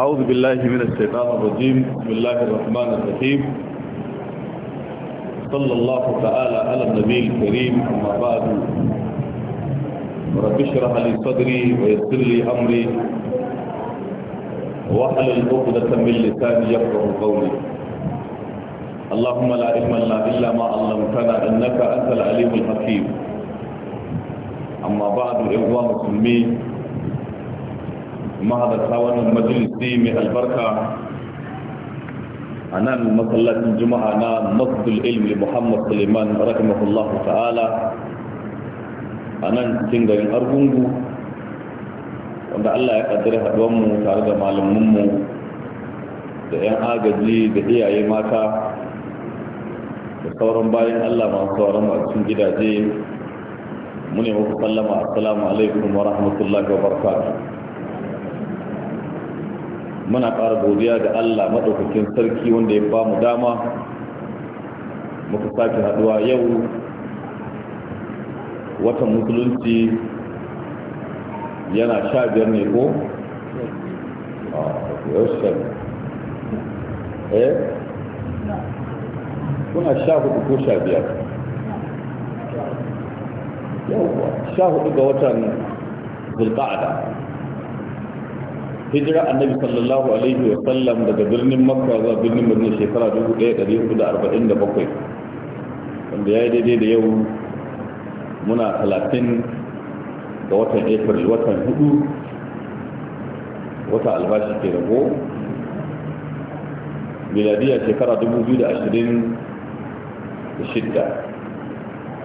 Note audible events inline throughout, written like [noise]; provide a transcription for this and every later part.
أعوذ بالله من الشيطان الرجيم بسم الله الرحمن الرحيم صلى الله تعالى على النبي الكريم أما بعد رب اشرح لي صدري ويسر لي أمري واحلل عقدة من لساني يفقه قولي اللهم لا علم لنا إلا ما علمتنا إنك أنت العليم الحكيم أما بعد إخوان المسلمين mahalarta wannan majalisi mai albarka a nan masallacin juma'a na masjidul ilmi muhammad suleiman rahimahullahu ta'ala a nan cikin garin argungu wanda allah ya kaddara haɗuwanmu tare da malamanmu da 'yan agaji da iyaye mata da sauran bayan allah masu sauran a cikin gidaje mu ne muku sallama assalamu alaikum wa rahmatullahi wa barakatuh muna ƙara godiya ga Allah maɗaukakin sarki wanda ya ba mu dama muka sake haɗuwa yau watan musulunci yana sha biyar ne ko? yau ah, sha eh? kuna sha hudu ko sha biyar yau sha hudu ga watan zulka'ada hijira annabi sallallahu alaihi wa sallam daga birnin makka zuwa birnin madina shekara 1447 wanda ya yi daidai da yau muna 30 ga watan april watan hudu wata albashi ke rago miladiyya shekara 2026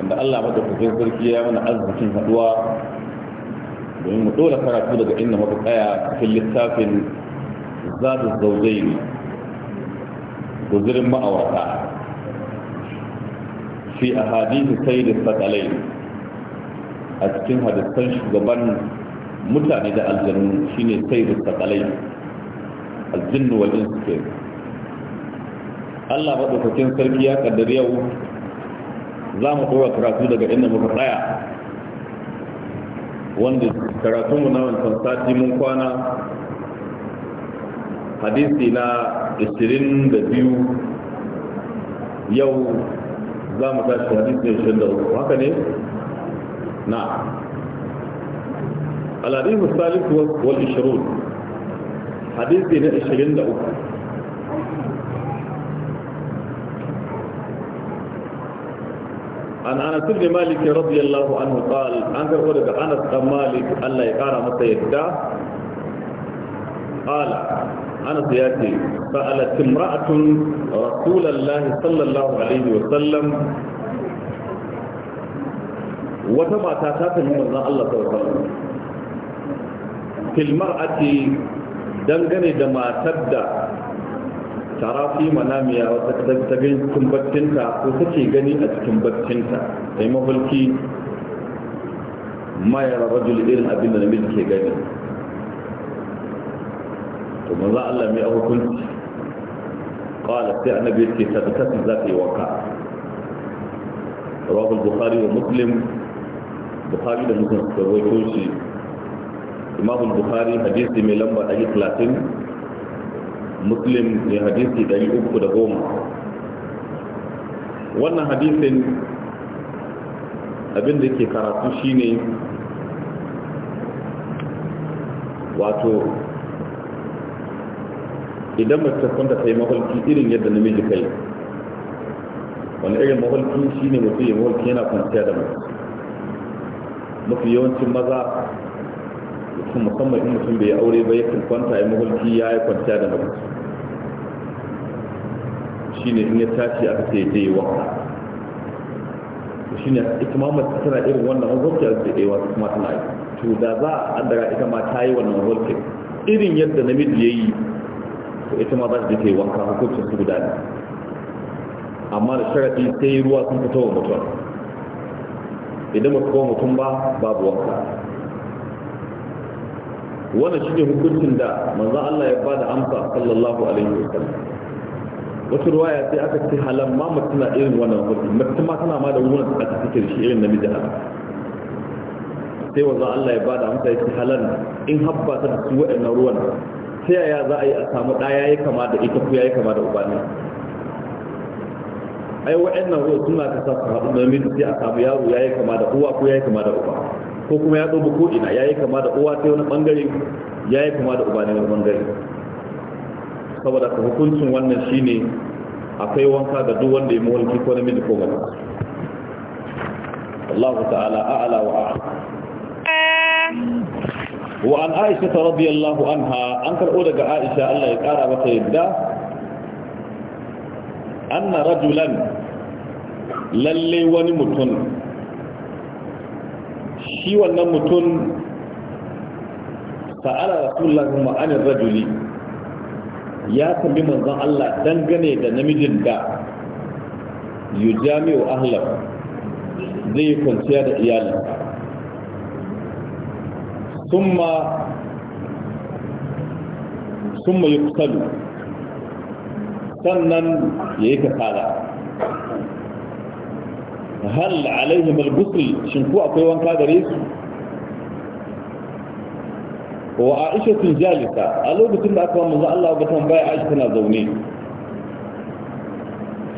wanda allah madafafin sarki ya mana arzikin haduwa domin mu dole karatu daga inda muka tsaya cikin littafin zatu zaujaini guzurin ma'aurata fi a hadisi sai da sakalai a cikin hadisan shugaban mutane da aljanu shine sai da sakalai aljinnu wajen insu ke Allah maɗaukakin sarki ya kaddar yau za mu ɗora karatu daga inda muka tsaya wanda mu na wancan sati mun kwana hadisi na 22 yau za mu tashi hadisi na 23 haka ne na alhadisu salisu wal ishirun hadisi na 23 عن أنس بن مالك رضي الله عنه قال أنت ولد أنس بن مالك الله يقارى متى يدعى قال أنس ياتي سألت امرأة رسول الله صلى الله عليه وسلم وتبع تاتات من الله صلى الله عليه وسلم في المرأة دنغني دما تبدأ tara fi manamiya wata ta gani cikin baccinta ko take gani a cikin baccinta ta yi mafalki ma ya raba juli irin abin da namiji ke gani to maza Allah mai hukunci qala sai annabi yake tabbatar za ta yi waka rawahul bukhari wa muslim bukhari da muslim da rawaito shi imam bukhari hadisi mai lamba 130 muslim ne hadisi 310 wannan hadisin abin da ke karatu shine wato idan mace kwanta ta yi mahalki irin yadda namiji kai wani irin mahalki shine mutum ya mahalki yana kwanciya da mace mafi yawancin maza mutum musamman in mutum bai aure ba yakan kwanta ya mahulki ya yi kwanciya da mace shi ne in ya tashi aka ce ya yi wanka shi ne ita ma mace tana irin wannan mahulki a ce yi eh, wata kuma tana yi to da za a andara ita ma ta yi wannan mahulki irin yadda namiji ya yi to ita ma za ta je ta yi wanka hukuncin su guda ne amma da sharaɗi sai ruwa sun fito wa mutum idan ba su kowa mutum ba babu wanka wannan shine hukuncin da manzon Allah ya bada amsa sallallahu alaihi wasallam wata ruwaya sai aka ce halan ma mutum na irin wannan hukunci mutum ma tana ma da wannan tsaka take da shi irin namiji haka sai wanzan Allah ya bada amsa ya ce halan in habba ta da su wa'annan ruwan sai yaya za a yi a samu ɗaya ya yi kama da ita ko ya yi kama da ubani ai wa'annan ruwa suna ka sa su haɗu namiji sai a samu yaro ya yi kama da uwa ko ya yi kama da uba ko kuma ya ko ko'ina ya yi kama da uwa ta wani bangare ya yi kama da uba ne wani bangare saboda ka hukuncin wannan shine akwai wanka ga duk wanda ya mawalki ko namiji ko mata Allah ta'ala a'ala wa wa an Aisha ta radiyallahu anha an karɓo daga Aisha Allah ya ƙara mata yadda anna rajulan lalle wani mutum shi wannan mutum sa'ala rasulullah kuma anin rajuli ya tambi manzon Allah dangane da namijin da yujami'u ahlahu zai yi kwanciya da iyalin summa yi kusalu sannan ya yi kasala hal alaihim al-ghusl shin ko akwai wanka gare su wa aisha tun jalisa a lokacin da aka manzo Allah ga tambaya aisha tana zaune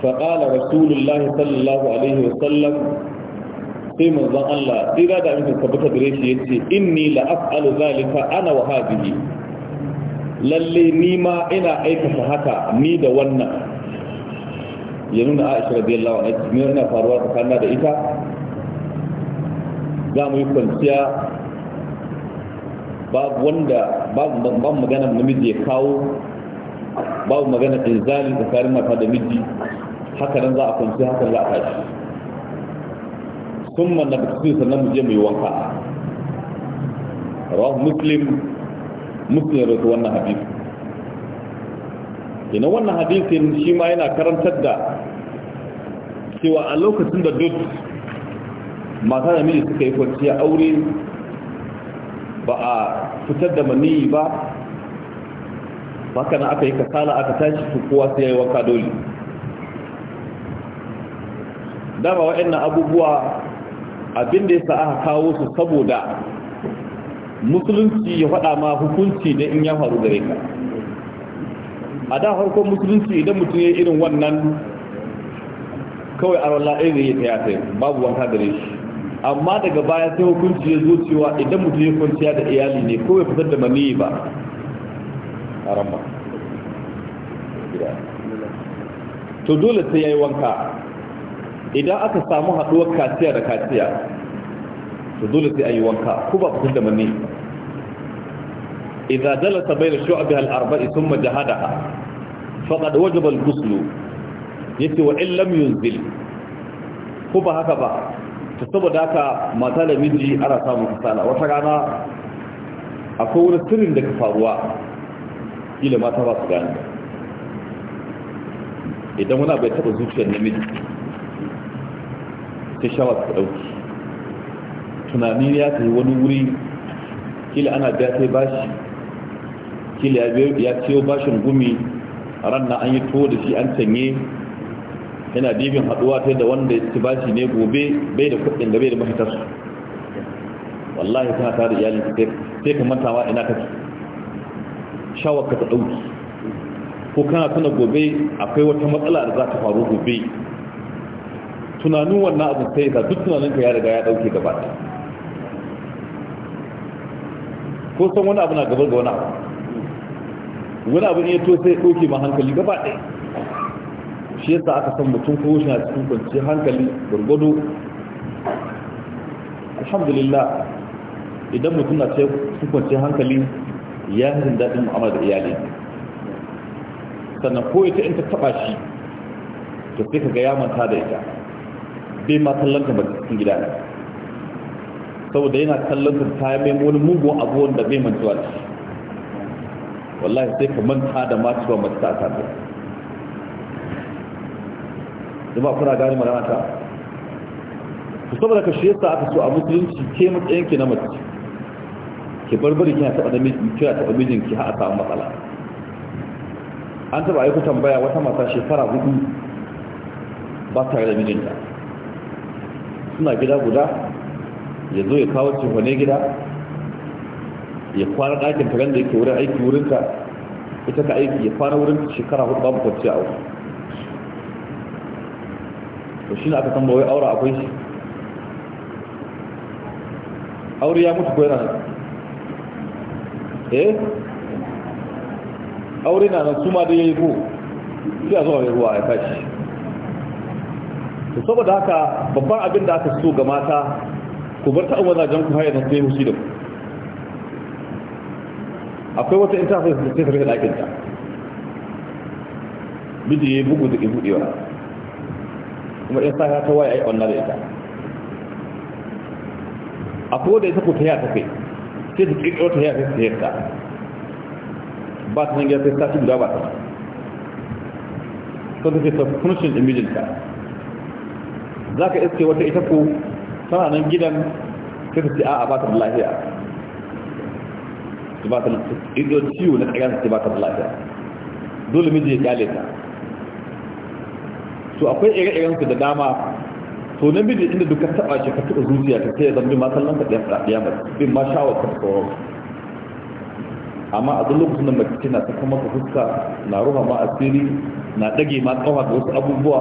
fa qala rasulullah sallallahu alaihi wa sallam sai manzo Allah sai da da mutum tabbata gare shi yace inni la zalika ana wa hadhihi lalle ni ma ina aikata haka ni da wannan ya nuna aisha Lawan anha me yana faruwa tsakanin da ita za mu yi kwanciya babu wanda babu magana namiji ya kawo babu magana inzali tsakanin mata da miji haka nan za a kwanci haka za a tashi sun na bikin sannan mu je mu yi wanka rawahu muslim muslim rasu wannan hadisi ina wannan hadisin shi ma yana karantar da cewa a lokacin da duk mata da miji suka yi kwanciya aure ba a fitar da maniyi ba haka na aka yi kasala aka tashi su kowa sai ya yi wanka dole dama waɗannan abubuwa abinda ya sa'a kawo su saboda musulunci ya faɗa ma hukunci da in ya faru gare ka a da farkon musulunci idan mutum ya irin wannan kawai a wallah ɗaya zai yi ta babu wanka gare shi amma daga baya sai hukunci ya zo cewa idan mutum ya kwanciya da iyali ne ko ya fitar da maniyi ba A haramba to dole sai ya yi wanka idan aka samu haɗuwar kaciya da kaciya to dole sai a yi wanka ko ba fitar da maniyi idan jalasa bai da shu'abi al'arba'i sun majahada faɗaɗa wajabar guslu yace wa illam yunzil ko ba haka ba to saboda haka mata da miji ana samun kasala wata rana akwai wani sirrin da ka faruwa kila mata ba su gane. idan wani bai taba zuciyar namiji ta shawa su dauki tunani ya ta yi wani wuri kila ana biya ta bashi kila ya ciyo bashin gumi a ran an yi to da shi an canye yana dibin haduwa ta da wanda ya ci bashi ne gobe bai da kudin gabe da mafitar su wallahi ta tare iyalin sai ka mantawa ina kake shawar ka ta dauki ko kana tuna gobe akwai wata matsala da za ta faru gobe tunanin wannan abu sai ka duk tunanin ka ya riga ya dauke gaba ko san wani abu na gabar ga wani abu wani abu ne ya to sai ya dauke ma hankali gaba ɗaya shi yasa aka san mutum ko shi a cikin kwanci hankali gurgudu alhamdulillah idan mutum na cikin kwanci hankali ya yi daɗin mu'amala da iyali sannan ko ita in ta taɓa shi to sai ka ga ya manta da ita bai ma kallonta ba cikin gida ne saboda yana kallonta ta yi mai wani mugun abu wanda bai mantuwa da shi wallahi sai ka manta da matuwa masu ta a zama kuna gani magana ta su saboda ka shi yasa aka so a musulunci ke matsayinki na mace ke barbari kina taɓa da mijin kira taɓa mijin ki a matsala an taɓa aiko tambaya wata mata shekara hudu ba tare da mijinta suna gida guda ya zo ya kawo cihone gida ya kwana ɗakin taron da yake wurin aiki wurinta ita ka aiki ya kwana wurin shekara hudu babu kwanciya a wasu to shi aka san bawai aure akwai shi aure ya mutu kwaya nan eh aure na nan su ma da ya yi ko sai a zuwa mai ruwa ya kashi to saboda haka babban abin da aka so ga mata ku bar ta'an wazajen ku haya na sai hushi da ku akwai wata interface da sai ta rufe ta. miji ya yi bugu da ke buɗewa kuma in sa ta waye a yi ɓanna da ita a ko da ita ko ta yi a tafi sai su ƙirƙiro ta yi a ta sai ta ba ta hanyar sai ta ci guda ba ta sun ta ce ta kunshin mijinta za ka iske wata ita ku tana nan gidan sai ta ce a ba ta da lafiya ba ta da ciwo na tsagar ta ba ta da lafiya dole miji ya kyale ta to akwai ire-iren su da dama to na biyu inda duka taba shi ka tuka zuciya ta sai zambi ma sallan ka da fadiya ba bin ma shawa ka tsoro amma a duk lokacin da mutum na ta kuma ka fuska na ruha ma asiri na dage ma tsawa da wasu abubuwa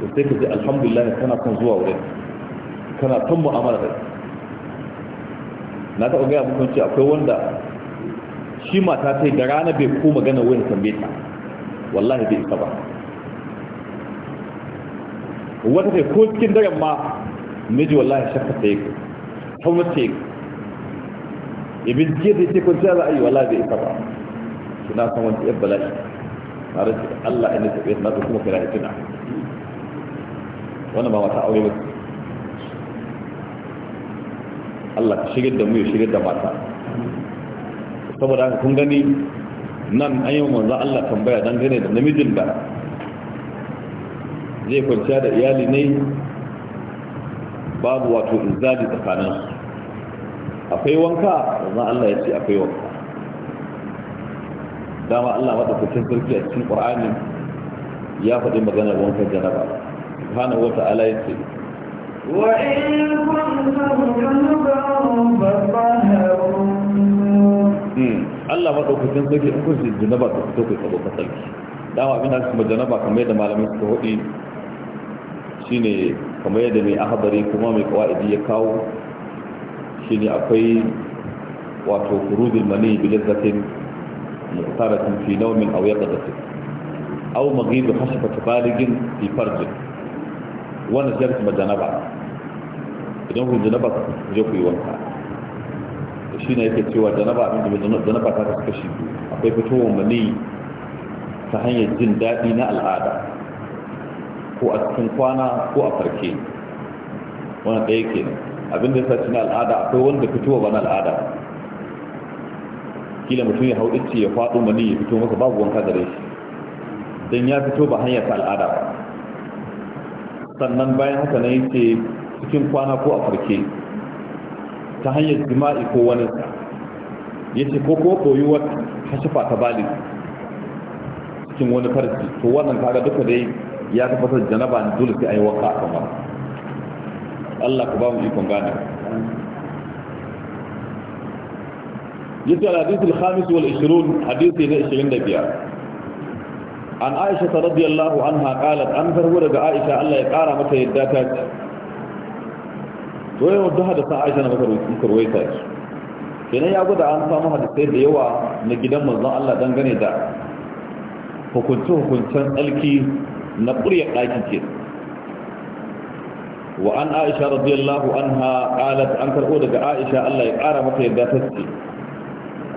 to sai ka ji alhamdulillah kana kan zuwa wurin kana kan mu'amala da na taɓa gaya muku ce akwai wanda shi mata ta da rana bai ko magana wani tambaye ta wallahi bai isa ba wata sai ko cikin daren ma miji wallahi shakka ta yi tauna ta ibin jiya da ce jiya za wallahi zai ba suna san wani yabba lashi na rasu allah ina tafiya na su kuma kira na. wannan ba mata aure ba allah ka shigar da mu ya shigar da mata saboda haka kun gani nan an yi manzan allah tambaya dangane da namijin da zai kwanciya da iyali ne babu wato izali tsakanin akwai wanka zan Allah ya ce akwai wanka dama Allah madaukakin sarki a cikin Qur'ani ya faɗi maganar wankan janaba wata Ala ya ce Allah in kuntum hmm, Allah sarki in kun janaba ta fito kai tsaro ka sarki dama abin da kuma janaba kamar yadda malamai suka faɗi shine kamar yadda mai ahabari kuma mai kawai ya kawo shine akwai wato furudul mani bi lazzatin muqtaratin fi nawmin aw yaqdatin aw maghidu khashfat baligin fi wani wannan ma janaba idan ku janaba ku je ku yi wanka shine yake cewa janaba abin da janaba ta kasu shi akwai fitowar mani ta hanyar jin daɗi na al'ada ko a cikin kwana ko a farke wani ɗaya ke abin da sace na al'ada akwai wanda fitowa ba al'ada kila mutum ya hau ice ya faɗo mani ya fito masa babu wanka gare shi don ya fito ba hanyar ta al'ada ba sannan bayan haka na yake cikin kwana ko a farke ta hanyar jima'i ko wani ya ce ko ko koyuwar hashifa ta bali cikin wani farci to wannan kaga duka dai ya tabbatar janaba ne dole sai ayi waka a kamar Allah ku ba ikon gane yadda al-hadith al-khamis wal 20 hadithi ne 25 an Aisha radiyallahu anha qalat an farwa daga Aisha Allah ya kara mata yadda ta ce to yau duha da Aisha na bakar wuce kurwai ta ce ya guda an samu hadisai da yawa na gidan manzon Allah dangane da hukunce-hukuncen na ƙuryar ɗakin ce. wa an aisha radiyallahu anha qalat an karɓo daga aisha Allah ya ƙara mata yadda ta ce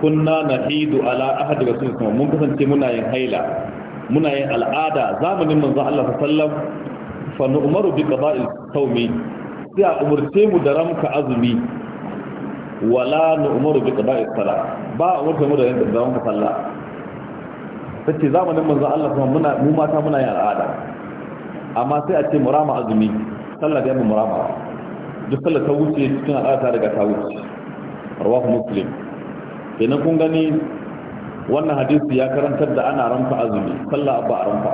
kunna na hidu ala ahad rasulullah mun kasance muna yin haila muna yin al'ada zamanin manzo Allah sallallahu alaihi wasallam fa nu'maru bi qada'il sawmi sai a umurce mu da ramka azumi wala Umaru bi qada'is salat ba umurce mu da yin da ramka sallah ta ce zamanin manzan Allah kuma muna mu mata muna yin al'ada amma sai a ce murama azumi sallar yamma murama duk sallar ta wuce cikin al'ada ta daga ta wuce rawahu muslim kenan kun gani wannan hadisi ya karantar da ana ramfa azumi sallah ba a ramfa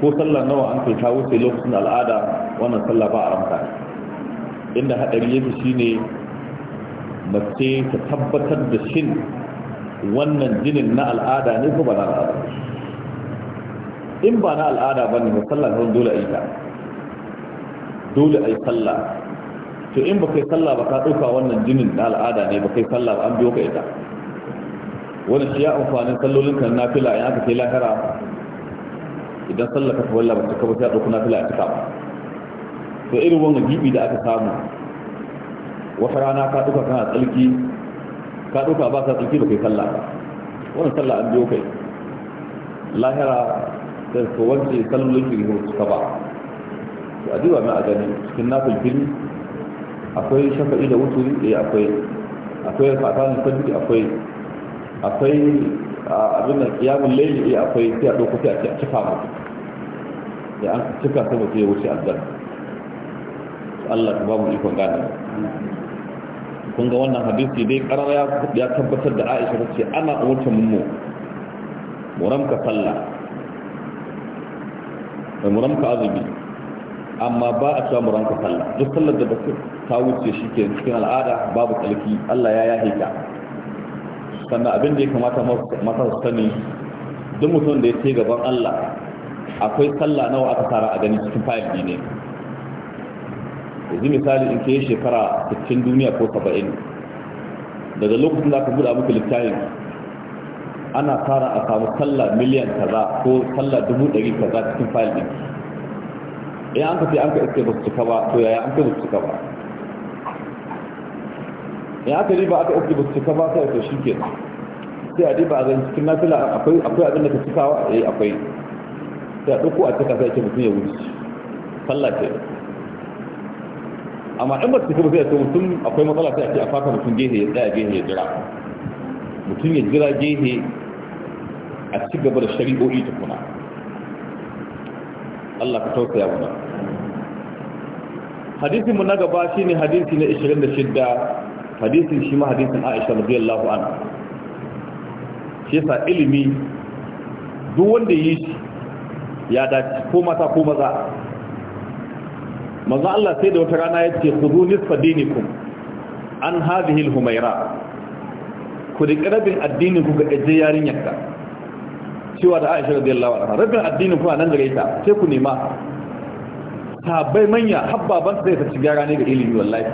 ko sallar nawa an kai ta wuce lokacin al'ada wannan sallah ba a ramfa inda haɗari yake shine mace ta tabbatar da shin wannan jinin na al'ada ne ko ba na al'ada in ba na al'ada ba ne ba sallah ta dole a ta dole a yi sallah to in ba kai sallah ba ka ɗauka wannan jinin na al'ada ne ba kai sallah ba an biyo ka ita wani shi ya amfanin sallolin kan na fila in aka kai lahira idan sallah ka tawalla ba cika ba sai a ɗauka na fila a cika ba to irin wannan gibi da aka samu wata rana ka ɗauka kana tsalki ka ɗauka ba ka tsaki da kai sallah wannan sallah an biyo kai lahira da ka wanke sallolin da yau suka ba to a duba mai a gani cikin nafil fili akwai shafa'i da wutu eh akwai akwai na sabbi akwai akwai abin da kiyamun laili eh akwai sai a ɗauko sai a cika mu ya an cika sai mutum ya wuce aljanna Allah ka ba mu ikon gane kun ga wannan hadisi dai karar ya tabbatar da aisha ta ce ana umarta mu Muramka ramka sallah muramka ramka amma ba a cewa muramka ranka sallah duk sallar da basu ta wuce shi cikin al'ada babu tsalki Allah ya yahe ta sannan abin da ya kamata mata su sani duk mutum da ya ce gaban Allah akwai sallah nawa aka tara a gani cikin fayil ne yanzu misali in ke yi shekara cikin duniya ko 70 daga lokacin da ka buɗa muku littafin ana fara a samu sallah miliyan kaza ko sallah dubu ɗari kaza cikin fayil ɗin in an kafi an ka iske ba su cika ba to yaya an ka ba su cika ba in aka riba aka iske ba su cika ba sai to shi ke sai a riba a zan cikin nafila akwai akwai abin da ka cikawa a eh, yi akwai sai a ɗauko a cika sai ce mutum ya wuce sallah ce amma in ba su tafi ba sai a ce mutum akwai matsala sai a ce a fata mutum gehe ya tsaya gehe ya jira mutum ya jira gehe a ci gaba da shari'o'i ta kuna. Allah ka tausaya muna hadisin mu na gaba shine hadisi na 26 hadisin shi ma hadisin Aisha radiyallahu anha shi yasa ilimi duk wanda yi shi ya dace ko mata ko maza manzo Allah sai da wata rana ya ce khudhu nisfa dinikum an hadhihi al-humaira ku rika rabin addinin ku ga aje yarinyar ta cewa da Aisha radiyallahu anha rabin addinin ku a nan gare ta sai ku nema sabai manya habban sai ta ci gara ne ga ilimi wallahi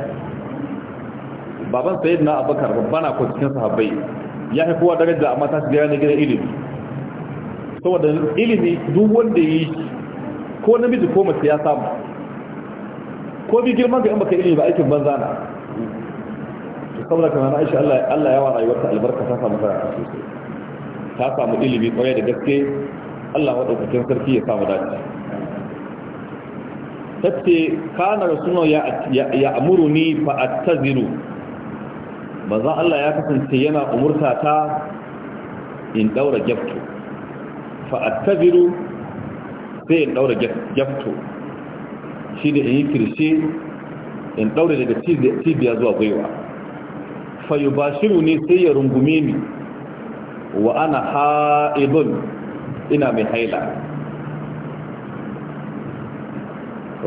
baban sayyidina abubakar babana ko cikin sahabbai ya fi kowa daraja amma ta ci gara ne ga ilimi saboda ilimi duk wanda yi ko namiji ko mace ya samu ko bi girman ka in baka ilimi ba aikin banza na to saboda kana na Aisha Allah Allah ya wa rayuwarta albarka ta samu karatu sosai ta samu ilimi kwaye da gaske Allah madaukakin sarki ya samu dace tace kana rasulullah ya ya amuruni fa attaziru manzo Allah ya kasance yana umurta ta in daura gyafto fa attaziru sai in daura gyafto shi da in yi kirshe in ɗaure daga cibiya zuwa gwiwa fayu ba shiru ne sai ya rungume ni wa ana ha'ibun ina mai haila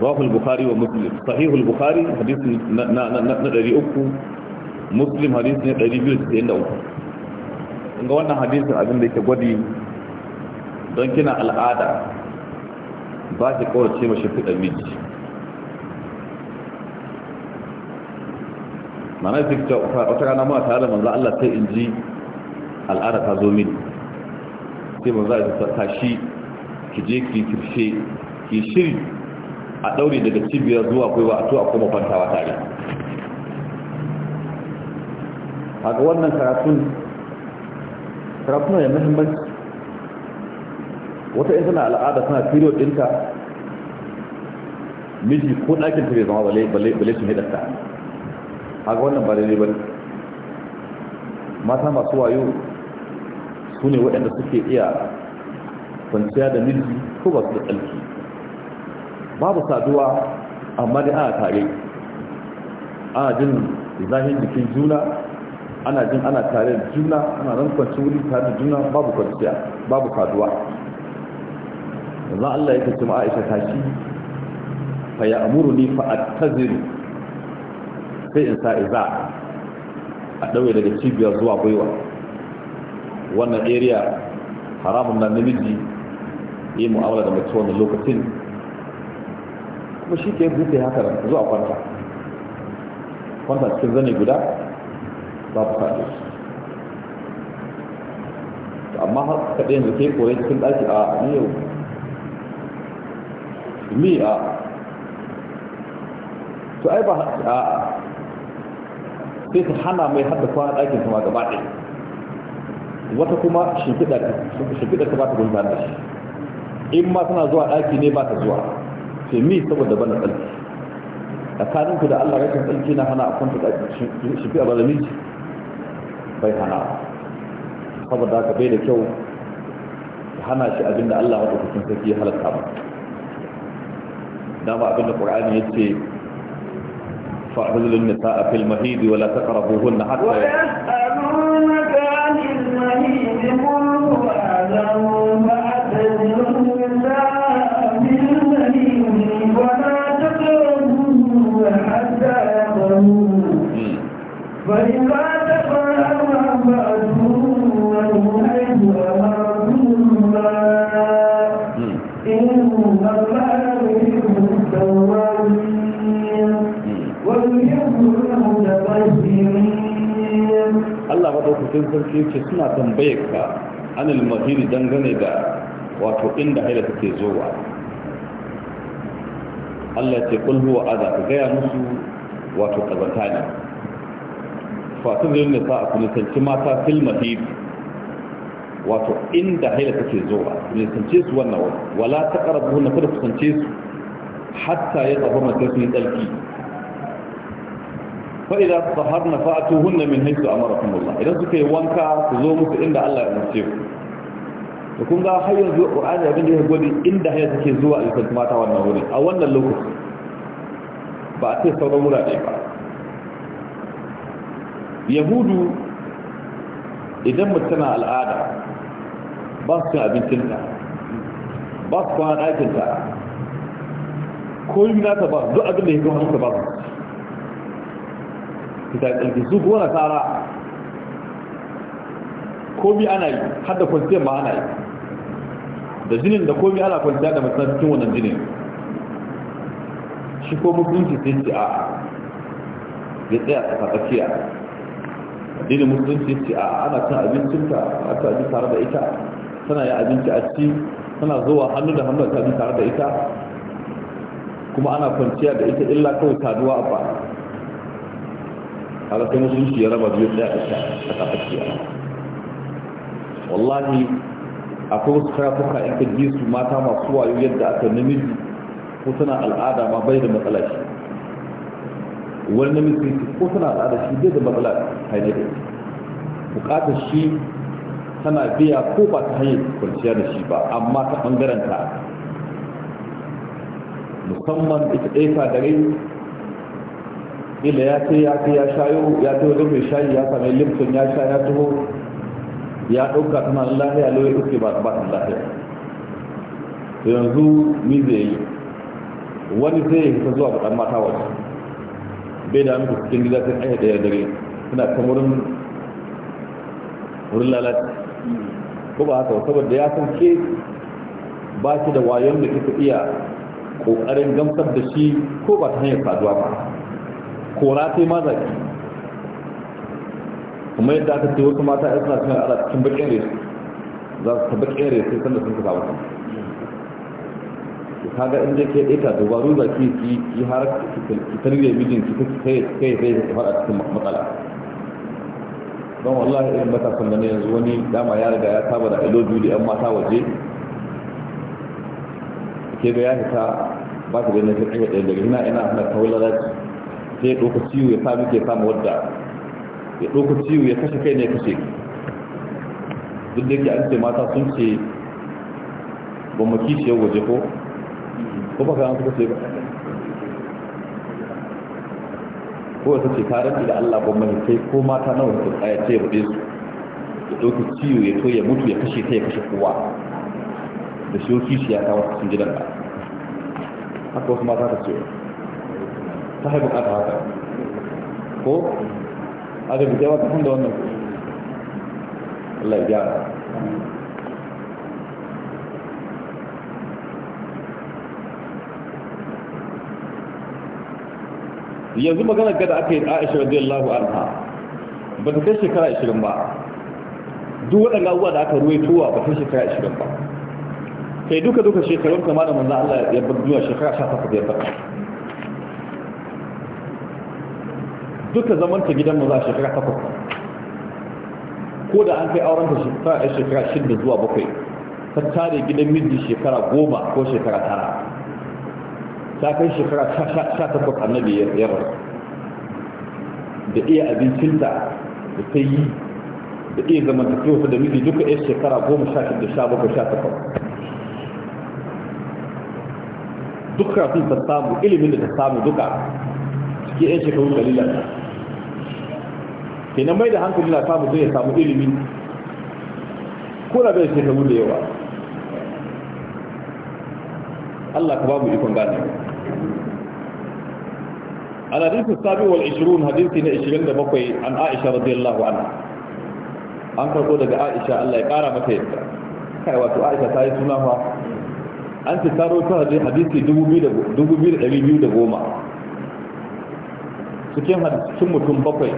rahul Bukhari wa muslim sahihul bukhari hadisi na 300 muslim hadisi na 293 ga wannan hadisin abin da yake gwadi don kina al'ada ba ki ce mashi fi miji mana fi wata rana ma tare da manzo Allah sai in ji al'ada ta zo mini sai manzo ta tashi ki je ki kirshe ki shiri a daure daga cibiyar zuwa kaiwa a to a kuma kwantawa tare haka wannan karatun karatun ya muhimmanci wata in tana al'ada tana period dinta miji ko ɗakin ta bai zama bale su hidarta haka wannan ba daidai ba mata masu wayo su ne waɗanda suke iya kwanciya da milki ko ba su da tsarki babu saduwa amma da ana tare ana jin zahin jikin juna ana jin ana tare da juna ana ran kwanci wuri tare da juna babu kwanciya babu saduwa yanzu Allah ya kace ma Aisha tashi fa ya amuru ni fa attaziru sai in sa iza a ɗauye daga cibiyar zuwa gwiwa wannan area haramun na namiji yi mu'amala da mutuwa wannan lokacin kuma shi ke yi haka zuwa kwanta kwanta cikin zane guda babu sa'adu amma har kaɗe yanzu ke kore cikin ɗaki a yau mi a to ai ba a sai ka hana mai hada kwana ɗakin sama gaba ɗaya wata kuma shimfiɗa ta ba ta gulma da shi in ma tana zuwa ɗaki ne ba ta zuwa ce mi saboda bana tsarki a ku da Allah rashin tsarki na hana a kwanta ɗaki shimfiɗa ba da miji bai hana saboda haka bai da kyau hana shi abinda Allah wata kusan sarki ya halatta ba dama abinda ƙur'ani ya ce فاحفظ للنساء في المهيد ولا تقربوهن حتى ويسألونك عن المهيد قل هو أذى yake suna tambayar ka anil mahiri dangane da wato inda haila take zowa Allah ce kul huwa adha ka gaya musu wato kazanta ne fatin zai ne sa a kunisanci mata fil mahiri wato inda haila take zowa kunisanci su wannan wala ta karabu na kada kusance su hatta ya tsaho na sai sun yi tsarki فإذا تطهرن فأتوهن من حيث أمركم الله إذا سكي وانكا تزومك إن الله يمسيك وكم ذا حي يزوء القرآن يبين ليه قولي إن ده يتكي زوء يتنتماتا والنهوري أولا اللوكس بأتي صورة مرادئة يهود إذا متنا الآدم باسكا أبنتنتا باسكا تلتا كل مناتا باسكا دو أبنه يكون هنسا باسكا bisa ƙarfi su ko nasara komi ana yi har da kwanciyar ma ana yi da jinin da komi ana kwanciya da masu cikin wannan jinin shi ko musulunci sai ce a ya tsaya a tsakakiya addinin musulunci ce a ana cin abincinta a ta abin tare da ita tana yin abinci a ci tana zuwa hannu da hannu a abin tare da ita kuma ana kwanciya da ita illa kawai taduwa a ba kaga sai musulunci ya raba biyu daya a tsakiya wallahi akwai wasu karatuka in ka ji su mata masu wayo yadda aka namiji ko tana al'ada ma bai da matsala shi wani namiji ko tana al'ada shi bai da matsala haine da bukatar shi tana biya ko ba ta hanyar kwanciya da shi ba amma ta bangaren ta musamman ita ɗaya ta gare ila ya ce ya ce ya shayo ya ce wajen mai shayi ya sami limfin ya sha ya tuho ya ɗauka tana lahiya lawai uke ba ba tana lahiya to yanzu ni zai yi wani zai yi ta zuwa ga ɗan mata waje bai da mutu cikin gida sai ɗaya ɗaya dare suna kan wurin wurin lalata ko ba haka saboda ya san ke ba shi da wayon da kika iya ƙoƙarin gamsar da shi ko ba ta hanyar saduwa ba kora yi maza ki? kuma yadda aka ce wasu mata yasa suna ala cikin bakin rai za su ta bakin rai sai sanda sun ka samu ka ga inda ke ɗaita dubaru za ki yi har ki tarbiyyar mijin ki kai kai sai ta fara cikin matsala don wallahi irin matasan da ne yanzu wani dama ya riga ya saba da ilo biyu da yan mata waje ke ga ya fita ba ta ganin sai ɗaya daga ina ina na kawai lalaci sai ya ciwo ya fami ke samu wadda ya ɗoka ciwo ya kashe kai ne ya kashe duk da yake an ce mata sun ce ba mu kishiya waje ko ko ba kayan suka ce ba ko ya sace karanci da Allah ba mai kai ko mata nawa su tsaya ce ba su ya ɗoka ciwo ya to ya mutu ya kashe kai ya kashe kowa da shi kishiya ta wasu sun gidan ba haka wasu mata ta ce ta bukata haka ko a da bijawa ta da wannan Allah ya gyara yanzu magana gada aka yi aisha radiyallahu anha ba ta kai shekara 20 ba duk waɗanda abuwa da aka ruwai tuwa ba ta shekara 20 ba sai duka duka shekarun kama da manzan Allah ya bar duniya shekara 18 ba duka zaman ta gidan maza shekara takwas ko da an kai auren ta shekara shekara shida zuwa bakwai ta tare gidan miji shekara goma ko shekara tara ta kai shekara sha takwas annabi ya yarar da iya abincinta da ta yi da iya zaman ta kiwata da miji duka ya shekara goma sha shida sha bakwai sha takwas duk karatun ta samu ilimin da ta samu duka cikin yan shekaru dalilan kenan mai da hankali na samun zai samu ilimi kuna zai shekaru da yawa allah ka babu mu ikon gane a hadisi sabi wal 20 hadisi na 27 an aisha radiyallahu anha an farko daga aisha allah ya kara mata yadda kai wato aisha ta yi suna fa an ci taro ta hadisi da da 2210 cikin mutum bakwai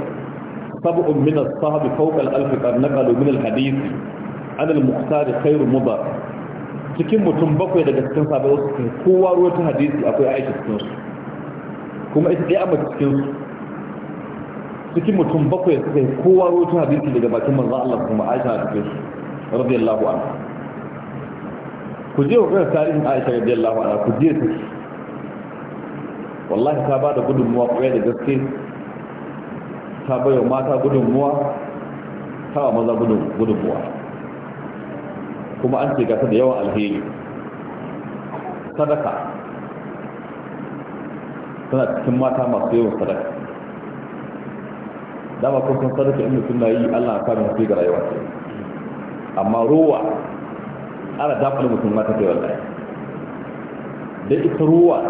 سبع من الصحب فوق الألف قد نقلوا من الحديث عن المختار خير مضر cikin mutum bakwai daga cikin sabai wasu cikin kowa ruwa ta hadisi akwai aisha cikin su kuma ita ɗaya amma cikin su cikin mutum bakwai suka yi kowa ruwa ta hadisi daga bakin manzo Allah kuma aisha a cikin su radiyallahu anha ku je wa kan tarihin aisha radiyallahu anha ku je su wallahi ta ba da gudunmuwa kwaye da gaske ta bayo mata gudunmuwa ta wa maza gudunmuwa kuma an ce gasa da yawan alheri sadaka suna cikin mata masu yawan sadaka dama kun san sadaka in suna na yi allah na kare sai ga rayuwa ce amma ruwa ana dafa mutum mata ke wallahi dai ita ruwa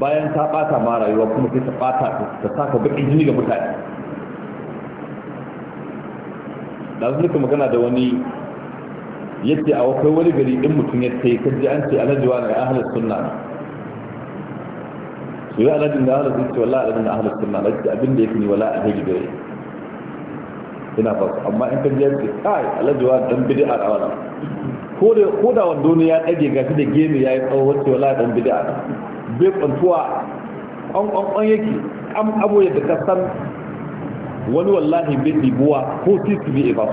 bayan ta bata ma rayuwa kuma sai ta bata ta saka bakin jini ga mutane na zuka magana da wani yadda a wakai wani gari din mutum ya sai kaji an ce alajiwa na ya halar sunna su yi alajin da halar zuci wala alajin da halar sunna na cikin abin da ya fi ni wala a hajji gare ina ba su amma in kaji ya ce kai alajiwa dan bidi a rawana ko da wando ne ya ɗage gashi da gemi ya yi tsawo wacce wala dan bidi a bai kwantuwa ƙwanƙwanƙwan yake an abu yadda ka san wani wallahi bai ɗibuwa ko titi bai ba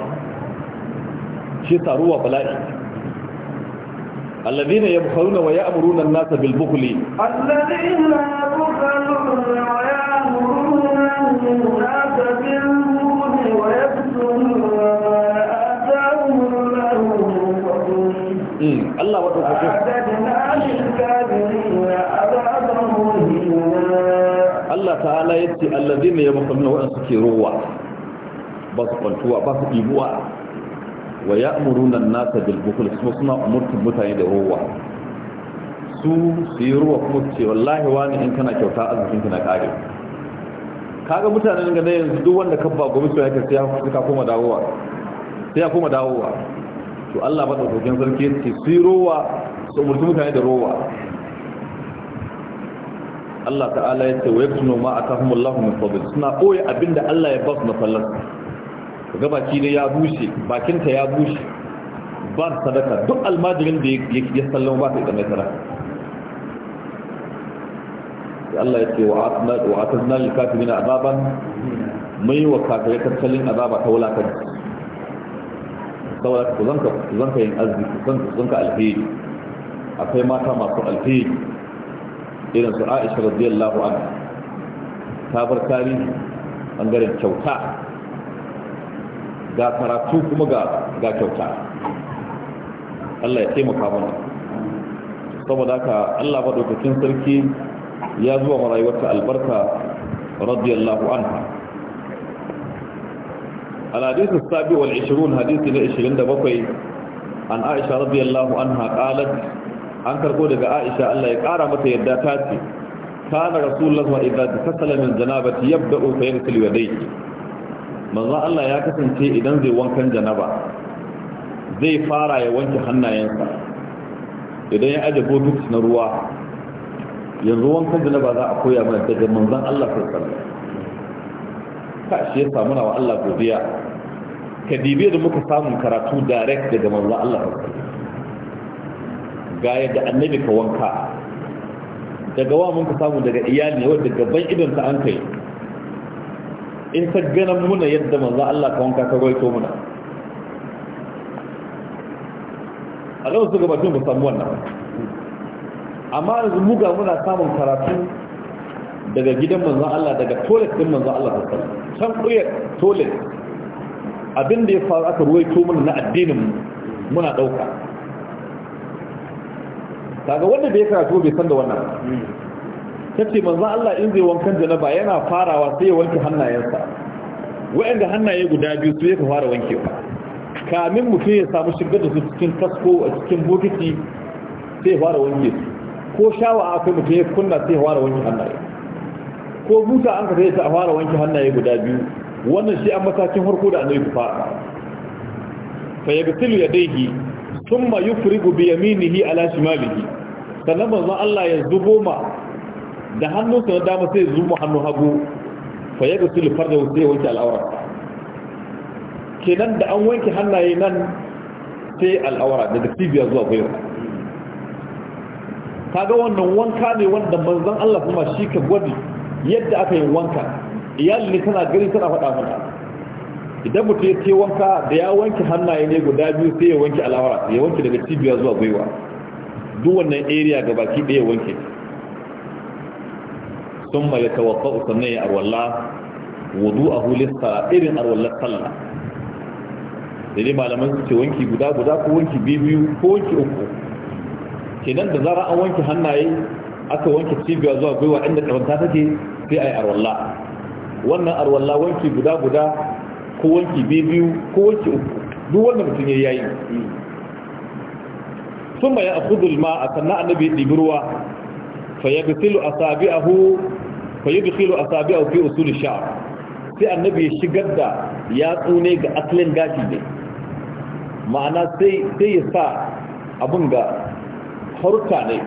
shi taruwa bala'i allazi ne ya bukaru na waya amurunan nasa bilbukuli allazi ya bukaru na waya amurunan nasa bilbukuli ce allazi ne ya makamina waɗansu ke rowa ba su kwantuwa ba su ɗibuwa wa ya amurunan nasa bilbukul kuma suna umurtun mutane da rowa su su yi rowa kuma su ce wallahi wani in kana kyauta arzikin kana kare kaga mutanen ga na yanzu duk wanda kan ba gwamnati ya kai ya koma dawowa sai ya koma dawowa to Allah ba da sarki ce su yi rowa su umurtun mutane da rowa Allah ta'ala ya ce wa ya yakunu ma a Allah min fadl suna koyi abinda Allah ya ba su na fallasa ga baki ne ya bushe bakinta ya bushe ba sadaka duk almajirin da ya sallama ba ta idan mai sadaka sai Allah ya ce wa atazna lil kafirin azaban mai wa kafirai tattalin azaba ta wulakan saboda ku zanka ku zanka yin arziki ku zanka alheri akwai mata masu alheri irin su aisha radiyallahu anha ta bar tarihi bangaren kyauta ga karatu kuma ga kyauta Allah ya taimaka mana saboda haka Allah madaukakin sarki ya zuwa wa rayuwarta albarka radiyallahu anha الحديث السابع والعشرون حديث إلى 27 دبقي عن عائشة رضي الله عنها قالت an karbo daga aisha Allah ya kara mata yadda ta ce kana rasulullah wa idza tasalla min janabati yabda'u fa yaghsilu yadayhi manzo Allah ya kasance idan zai wankan janaba zai fara ya wanke hannayensa idan ya aje botox na ruwa yanzu wankan janaba za a koya mana daga manzon Allah sallallahu alaihi wasallam ka shi yasa muna wa Allah godiya ka dibe da muka samu karatu direct daga manzon Allah sallallahu ga yadda annabi ka wanka daga wa mun ka samu daga iyali ne wadda gaban idon ta an kai in ta gana muna yadda manzo Allah ka wanka ka roito muna a lokacin gabatun ba samu wannan amma yanzu muga muna samun karatu daga gidan manzo Allah daga toilet din manzo Allah ta san kuya toilet abin da ya faru aka roito mana na addinin muna dauka kaga wanda bai karatu bai san da wannan hmm. tace manzo Allah in zai wankan janaba yana farawa sai ya wanke hannayensa wa'anda hannaye guda biyu su yake fara wankewa kamin mutum ya samu shigar da su cikin kasko a cikin bokiti sai ya fara wanke ko shawa akwai mutum ya kunna sai ya fara wanke hannaye ko buta an ka sai ta fara wanke hannaye guda biyu wannan shi an matakin farko da annabi ku fara fa yagsilu yadayhi thumma yufrigu bi yaminihi ala shimalihi sannan manzo Allah ya zubo ma da hannunsa na dama sai zubo hannu hagu fa yaga sul farda sai wanke al'aura kenan da an wanke hannaye nan sai al'aura daga cibiya zuwa gwiwa kaga wannan wanka ne wanda manzon Allah kuma shi ka gwadi yadda aka yi wanka iyali ne tana gari tana faɗa faɗa. idan mutum ya ce wanka da ya wanke hannaye ne guda biyu sai ya wanke alawara ya wanke daga cibiya zuwa gwiwa duk wannan area ga baki ɗaya wanke sun mai tawaffa usanne ya arwalla wudu a hulista irin arwallar sallah da ne malaman su ce wanki guda guda ko wanki biyu ko wanki uku kenan da zara an wanke hannaye aka wanke cibiya zuwa gwiwa inda ƙarfanta take sai a yi arwalla wannan arwalla wanki guda guda ko wanki biyu ko wanki uku duk wanda mutum ya yayi sun a akudul ma a sannan annabi ɗibi ruwa fa ya a sabi a fi usul sai annabi ya shigar da ya tsune ga asalin gashi ne ma'ana sai ya sa abin ga haruka ne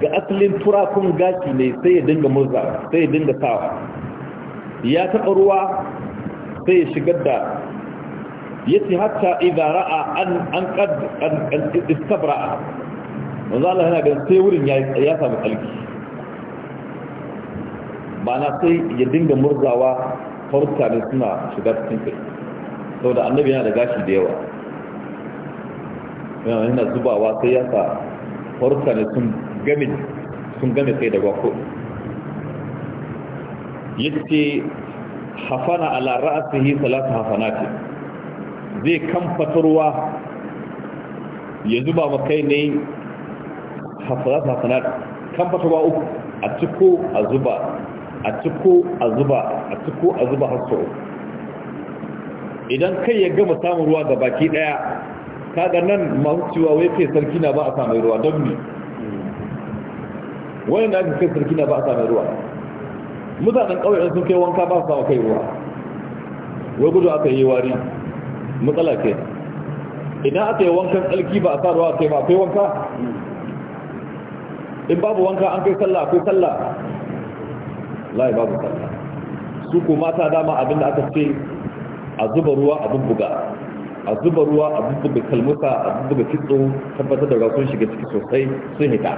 ga asalin turakun gashi ne sai ya dinga murza sai ya dinga sawa ya taɓa ruwa sai ya shigar da ya ce hatta idan ra'a an an qad an istabra'a manzo Allah yana ganin sai wurin ya samu tsalki ba na sai ya dinga murzawa farka ne suna shiga cikin kai saboda annabi yana da gashi da yawa yana zubawa sai ya sa farka ne sun game sun game sai da gwako yace hafana ala ra'asihi salatu hafanati zai kamfatarwa ya zuba makai ne hafanatu hafanati kamfata ruwa uku a ciko a zuba a ciko a zuba a ciko a zuba har sau idan kai ya gama samun ruwa ga baki daya kaga nan masu wai kai sarki na ba a samun ruwa don ne wani da ake kai sarki na ba a samun ruwa mutanen kawai sun kai wanka ba su kai ruwa wai gudu aka yi wari matsala ke idan aka yi wankan tsarki ba a sa ruwa kai ba kai wanka in babu wanka an kai sallah akwai sallah lai babu sallah su ku mata dama abinda aka ce a zuba ruwa a bubbuga a zuba ruwa a bubbuga kalmuka a bubbuga kitso tabbatar da sun shiga ciki sosai sun hita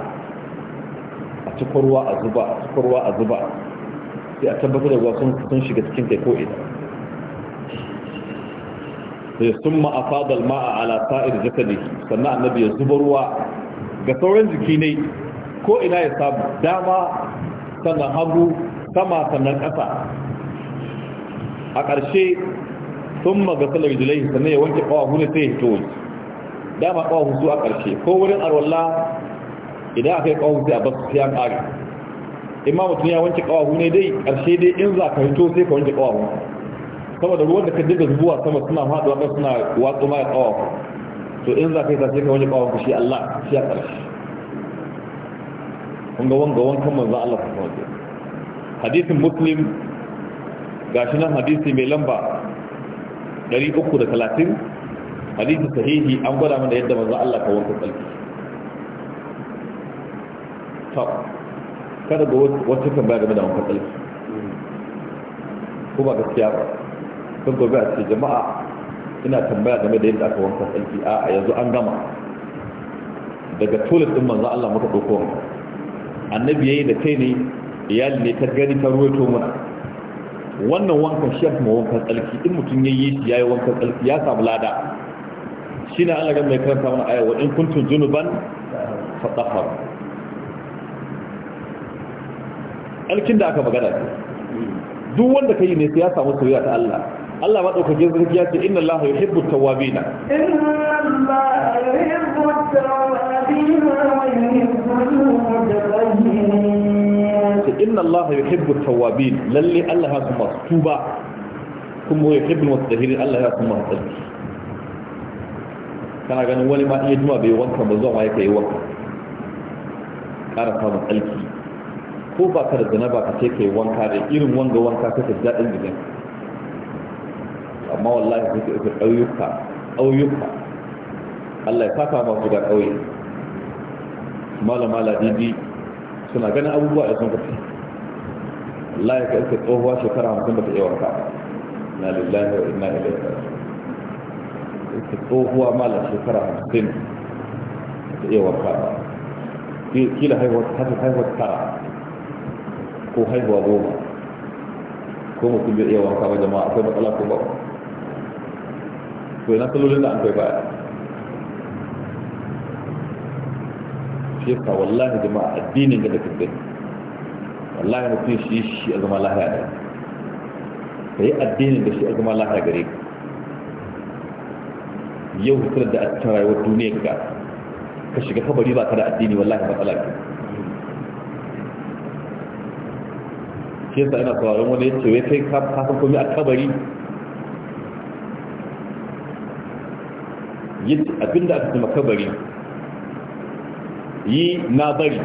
a cikin ruwa a zuba a cikin ruwa a zuba sai a tabbatar da ruwa sun shiga cikin kai ko'ina ina sai sun ma'afa dalma a alasa iri jakadi sannan annabi ya zuba ruwa ga sauran jiki ne ko'ina ya samu dama sannan hagu sama sannan ƙasa a ƙarshe sun maga magasar rijilai sannan ya wanke ƙawahu ne sai ya fito wani dama ƙawahu zuwa ƙarshe ko wurin arwalla idan aka yi ƙawahu sai a basu siyan an ƙari imam mutum ya wanke kawahu ne dai ƙarshe dai in za ka hito sai ka wanke kawahu saboda ruwan da ka jirga zuwa sama suna faɗuwa kan suna watsu ma kawahu to in za ka yi sai ka wanke kawahu shi Allah shi a ƙarshe kun ga wanka man za Allah ta kawo hadisin muslim gashi nan hadisi mai lamba 330 hadisi sahihi an gwada mana yadda manzo Allah ka wanka tsarki kada ga wata tambaya game da wankan tsarki ko ba gaskiya ba sun gobe a ce jama'a ina tambaya game da yadda aka wankan tsarki a yanzu an gama daga tolet din manzan Allah muka doko wanka annabi yi da kai ne iyali ne ta gani ta to mana wannan wankan shi kuma wankan tsarki in mutum ya yi shi yi wankan tsarki ya samu lada Shi ne Allah ga mai karanta mana ayawa, in kuntun junuban fatahharu tsarkin da aka magana ce duk wanda yi ne sai ya samu soyayya ta Allah Allah madaukakin sarki ya ce inna Allah yuhibbu tawwabina inna Allah inna Allah ya san masu tuba Allah ya san tsarki kana ganin wani ma iya juma bai wanka ba zuwa ma yake yi wanka ƙara samun tsarki ko ba ka da zana ba ka ce ka yi wanka da irin wanga wanka ka ta daɗin jikin amma wallahi sai ka ɗauki ɗauyuka ɗauyuka Allah ya saka ma guda ƙauye malama ladidi suna ganin abubuwa da sun kafi Allah ya ka tsohuwa shekara hamsin ba ta iya wanka na lillahi wa inna ilaihi raji'un ita tsohuwa malam shekara hamsin ta iya wanka ba kila haihuwar tara ko haihuwa goma ko mutum bai iya wanka ba jama'a akwai matsala ko ba to yana kalolin da an kai baya shi ka wallahi jama'a addinin ga da kake wallahi mutum shi shi a zama lahiya ne ka yi addinin da shi a zama lahiya gare ka yau fitar da a cikin rayuwar duniya ka ka shiga kabari ba ka da addini wallahi matsala ke shi sa ina sauraron wani yace wai kai ka san komai a kabari yi abinda aka cima kabari yi na bari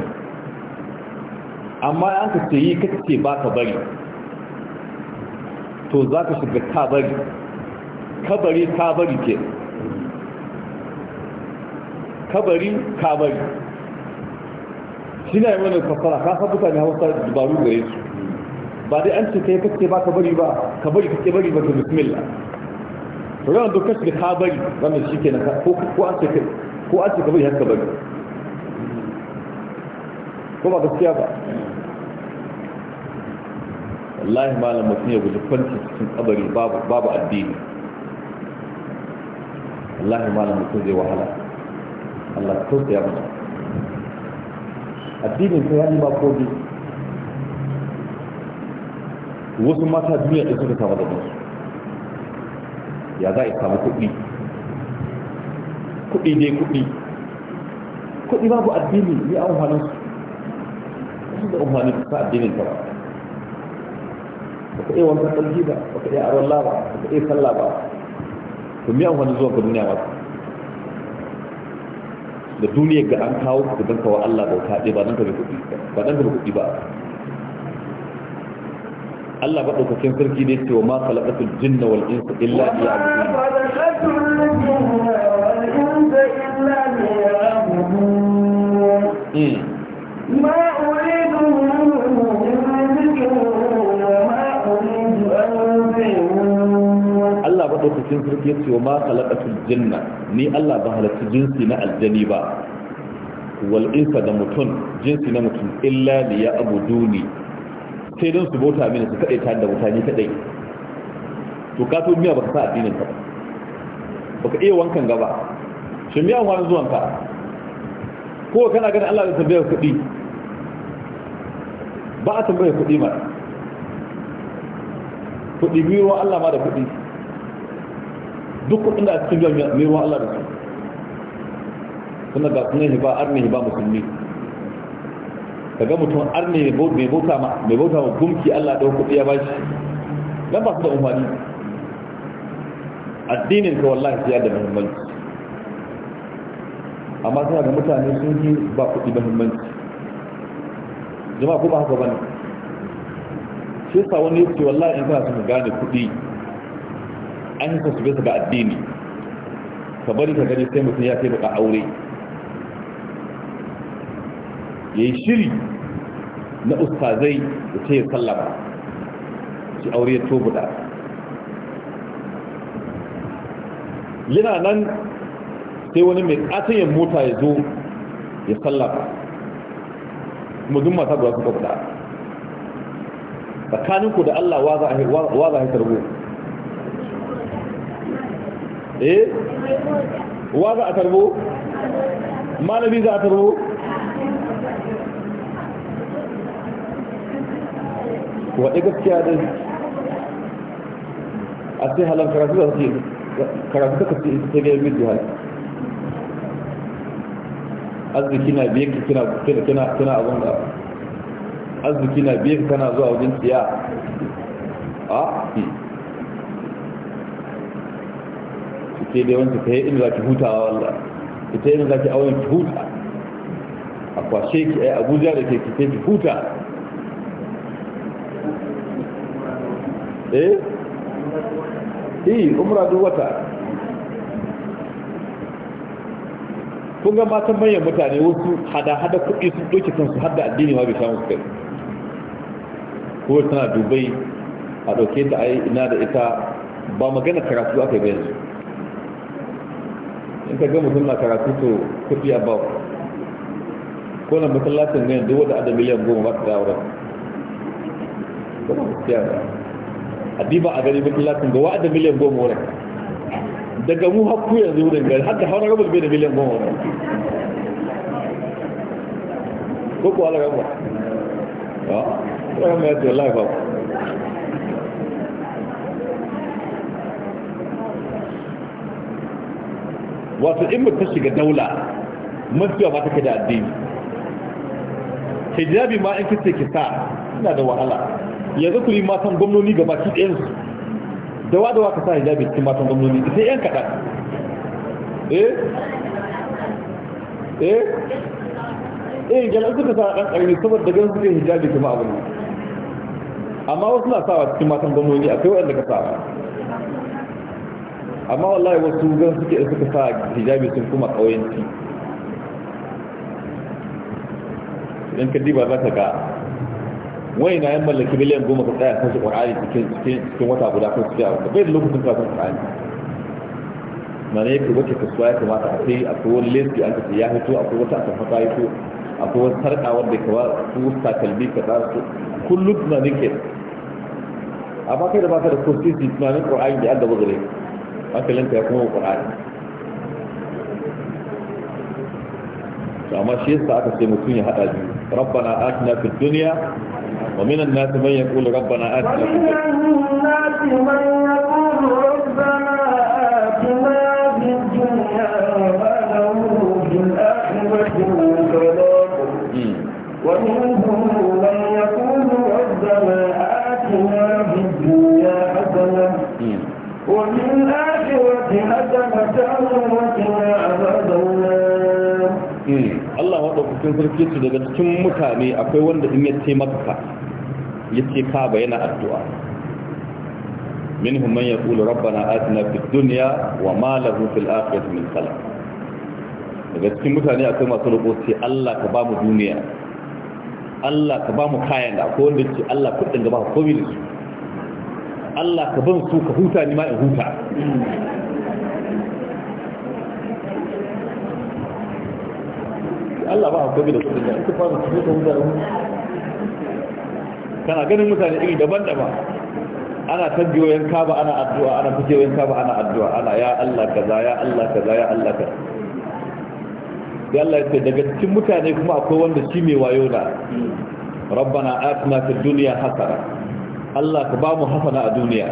amma an ka ce yi kace ba ka bari to za ka shiga ta bari kabari ta bari ke kabari ka bari shi na yi wani kafara ka san mutane hausa dubaru gare su ba dai an ce kai kake ba ka bari ba ka bari kake bari ba ka bismillah to yawan duk kashi ka bari wannan shikenan ko ko an ce ko an ce ka bari haka bari ko ba gaskiya ba wallahi malam mutum ya guji kwanci cikin kabari babu babu addini wallahi malam mutum zai wahala Allah kauta ya mutu addinin ka ya ba ko biyu wasu mata duniya ɗin suka kama da su ya za a samu kuɗi kuɗi ne kuɗi kuɗi babu addini ne a amfanin su wasu da amfanin su ka addinin ta ba ba ka iya wankan ɗalji ba ba ka iya aron laba ba ka iya sallah ba to me amfanin zuwa ga duniya ba da duniya ga an kawo ka don kawo Allah bauta ɗaya eh, ba don ka kuɗi ba don ka ga kuɗi ba Allah ba ɗaukacin sarki ne cewa ma kalakatul jinna wal insa illa iya ما أريد maɗaukacin sarki ya ce wa ma halakatul janna ni Allah ba halatta jinsi na aljani ba wal insa da mutum jinsi na mutum illa li ya abuduni sai don su bauta mini su kaɗai ta da mutane kaɗai to ka to miya baka sa addinin ka baka iya wankan gaba shi miya wani zuwan ka ko kana ganin Allah zai tambayar kuɗi ba a tambayar kuɗi ma kuɗi biyu ruwan Allah ma da kuɗi duk kuɗin da a cikin biyan ruwan Allah da su suna ga sunan hiba arni hiba musulmi kaga mutum arne mai bauta ma mai bauta ma gumki Allah ɗau kuɗi ya bashi don ba su da umarni addinin ka wallahi sai da muhimmanci amma suna da mutane sun yi ba kuɗi muhimmanci jama'a ko ba haka ne shi sa wani yake wallahi in kana son gane kuɗi an yi su bisa ga addini ka bari ka gani sai mutum ya kai baka aure ya yi shiri na ustazai da ce ya sallama shi aure ya tobuda yana nan sai wani mai ƙatayen mota ya zo ya sallama kuma zuma ta guda suka guda ku da Allah wa za a haifar go eh wa za a tarbo malami za a tarbo waɗe gaskiya dai a sai halar karatu da su karatu kaka ce ita ta gaya mid jihar arziki na biyan ka kina kina kina kina abin da arziki na biyan ka kana zuwa wajen siya a ke dai wancan ta yi inda za ki hutawa wallah ita inda za ki auna ki huta a kwashe ki a abuja da ke ki ki huta eh yi umra duk wata kun ga matan manyan mutane wasu hada-hada kuɗi sun ɗauki kansu hada addini ma bai samu su kai ko tana dubai a ɗauke ta ai ina da ita ba magana karatu aka yi yanzu in ka ga mutum na karatu to kuɗi a ko na masallacin ne duk wata adam miliyan goma ba ta dawo da kuma ba adiba a gari bakin latin ga wa'ada miliyan goma wurin daga mu hakku yanzu wurin gari haka hauna gabas bai da miliyan goma wurin ko kuwa ala gaba ya kuma mai yadda wallahi ba wato in ba ta shiga daula mafiya ba ta kada addini hijabi ma in kace ki sa ina da wahala yanzu ku yi matan gwamnoni ga baki ɗayan su da wa ka sa hijabi cikin matan gwamnoni sai yan kaɗa eh eh eh jalan suka sa ɗan ƙarni saboda su suke hijabi kuma ne amma wasu na sawa cikin matan gwamnoni akwai waɗanda ka sawa amma wallahi wasu gan suke suka sa hijabi sun kuma ƙauyenci idan ka diba za ka ga wai na yan mallaki miliyan goma ka tsaya kan su ƙwarari cikin wata guda kan su ya wata bai da lokacin kasan ƙwarari na ne yake wata kasuwa ya kamata a sai akwai wani lesbi an kasu ya fito akwai wata asamfa ta hito akwai wani sarƙa wanda ya kawa su takalmi ka za su kullum na ne ke amma kai da baka da kosisi tunanin ƙwarari da an gaba gare hankalinka ya kuma ƙwarari amma shi yasa aka ce mutum ya haɗa biyu rabbana atina fid dunya ومن الناس من يقول ربنا آتنا من يقول ربنا آتنا في الدنيا mm في الآخرة ومنهم من يقول ربنا آتنا في الدنيا حسنة وفي الآخرة حسنة madaukakin sarki daga cikin mutane akwai wanda in ya taimaka ya ce ka ba yana addu'a minhum man yaqulu rabbana atina fid dunya wa ma lahu fil akhirati min khalaq daga cikin mutane akwai masu roƙo sai Allah ka ba mu duniya Allah ka ba mu kayan da akwai wanda ce Allah kudin da ba ku komai Allah ka ban su ka huta ni ma in huta Allah ba akwai da kudin ita fara cikin da kana ganin mutane iri daban-daban ana tabbiyoyin kaba ana addu'a ana fujewoyin kaba ana addu'a ana ya Allah kaza ya Allah kaza ya Allah kaza ya Allah ya ce daga cikin mutane kuma akwai wanda shi mai wayo na rabbana atina fid dunya hasana Allah ka ba mu hasana a duniya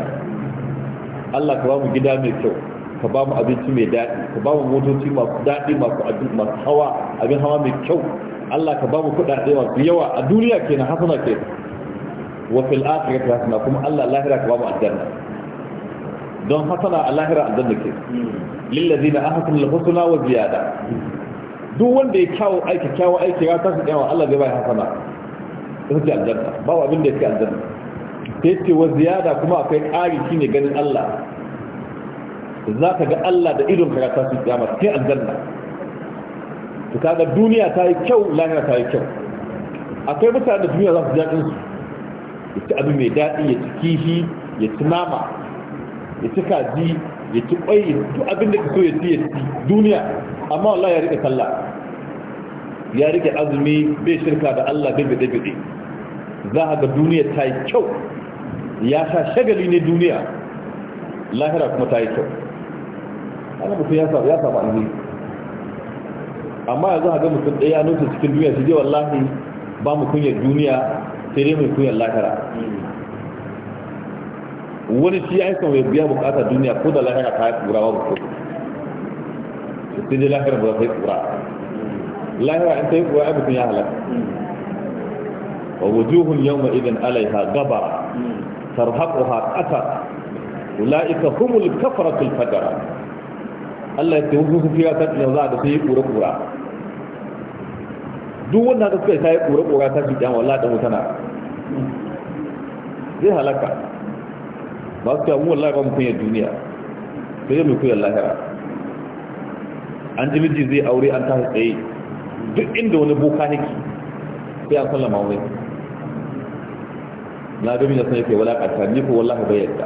Allah ka ba mu gida mai kyau ka ba mu abinci mai daɗi ka ba mu motoci masu daɗi masu abin masu hawa abin hawa mai kyau Allah ka ba mu kuɗaɗe masu yawa a duniya kenan hasana ke wa fil akhirati hasana kuma Allah lahira ka ba mu aljanna don hasana a lahira aljanna ke lil ladina ahsanu al husna wa ziyada duk wanda ya kyawo aiki kyawo aiki ya tashi kyawo Allah zai bai hasana Ta ce aljanna ba abin da yake aljanna sai ce wa ziyada kuma akwai ƙari shine ganin Allah za ka ga Allah da idon ka ta su kiyama sai aljanna to kaga duniya ta yi kyau lahira ta yi kyau akwai mutane da duniya za su jaɗin su ya ci abu mai daɗi ya ci kishi ya ci nama ya ci kaji ya ci ƙwai ya ci abin da ka so ya ci ya ci duniya amma Allah ya riƙe sallah ya riƙe azumi bai shirka da Allah bai bide bide za a ga duniya ta yi kyau ya sha shagali ne duniya lahira kuma ta yi kyau ana mutum ya samu ya samu amma yanzu ga mutum ɗaya nufin cikin duniya shi je wallahi ba mu kunyar duniya sai dai mai kunyar lahira wani shi ya yi kan biya bukata duniya ko da lahira ta yi tsura ba ko sai dai lahira ba ta yi tsura lahira in ta yi tsura mutum ya halaka wa wujuhun yawma idan alaiha gaba tarhaquha qatar ulaika humul kafaratul fajara Allah ya ce wasu su fiya ta yanzu da sai kura kura duk wanda da suka yi sai kura kura ta fiya wallahi dan na zai halaka ba su ta mu wallahi ba mu kunya duniya sai mu kunya lahira an ji miji zai aure an tashi tsaye duk inda wani boka yake sai an sallama wani na gami na sanya ke wala ƙasa ni ko wallahi bai yadda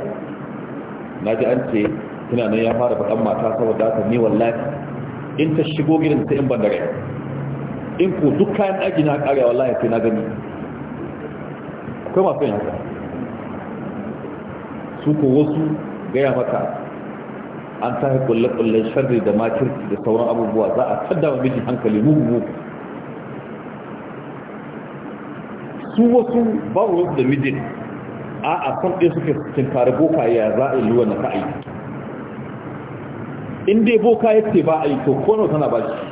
na ji an ce suna nan ya fara faɗan mata saboda haka ne wallahi in ta shigo gidan ta in ban dare in ko duk kayan ɗaki na ƙare wallahi sai na gani akwai masu yin haka su ko wasu gaya maka an ta yi kulle-kullen sharri da makirci da sauran abubuwa za a tadda wa mijin hankali mugu su wasu ba wasu da mijin a a kan ɗaya suke cikin boka ya za a yi luwa na ka'ayi in dai boka ya ce ba a yi to kone tana ba shi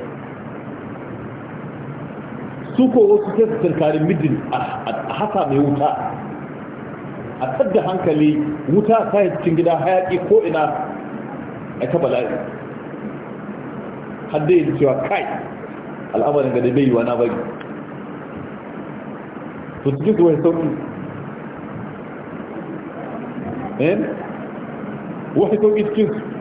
su ko wasu ke su tankarin midin a hasa mai wuta a tsadda hankali wuta ta yi cikin gida hayaki ko ina a ta bala'i hadda yi cewa kai al'amarin ga da bai yiwa na bari to cikin zuwa ya sauki eh wahi sauki cikin su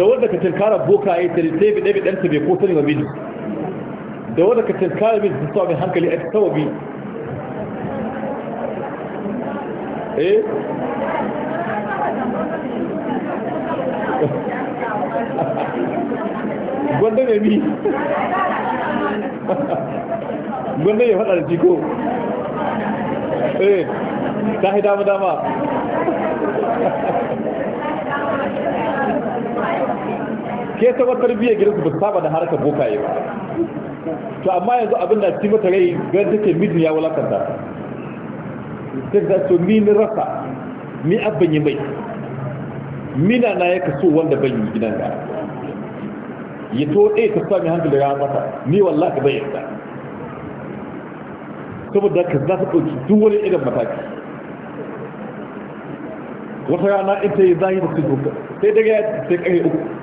da wanda ka tinkara boka ya tare sai bi ɗabi ɗansa bai ko sani ba miji da wanda ka tinkara miji su sa mai hankali a ta wabi eh gwanda ne bi gwanda ya faɗa da jiko eh ta dama dama ke ta wata tarbiyyar gidansu ba saba da harkar bokaye ba to amma yanzu abin da ci mata rai gan take mijin ya wulakanta sai da to ni ni rasa ni abban yi mai mina na ya kaso wanda ban yi gidan da ya to eh ka sami hankali ya mata ni wallahi bai bayyana saboda ka za ta ɗauki duk wani irin mataki wata rana ita yi zahiri su sai daga ya sai ƙarfe uku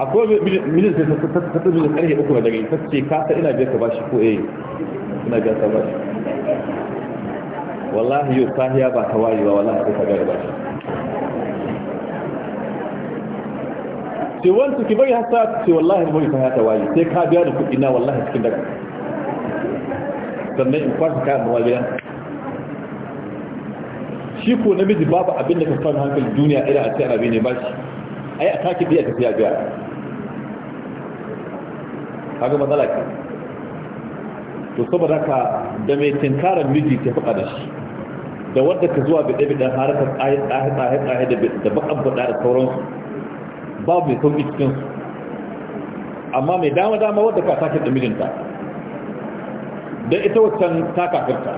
Akwai ko mijin ta tsaye da karfe uku na dare ta ce ka ina biyar ka bashi ko eh ina biyar ka bashi wallahi yau sahiya ba ta waye ba wallahi sai ka gare bashi ce wanda ki bari hasa ce wallahi ba bari ta ta waye sai ka biya da kuɗi na wallahi cikin daga sannan in kwashe kayan mawa gidan shi ko namiji babu abin da ka fara hankali duniya irin a ce arabi ne ba shi ai a take biya ka fiya biya kaga matsala ke to saboda ka da mai tinkarar miji ta faɗa da shi da wadda ka zuwa bi ɗabi ɗan harkar tsaye tsaye tsaye da baƙan baɗa da sauransu babu mai sauƙi cikinsu amma mai dama dama wadda ka sake da mijinta don ita waccan ta kafirta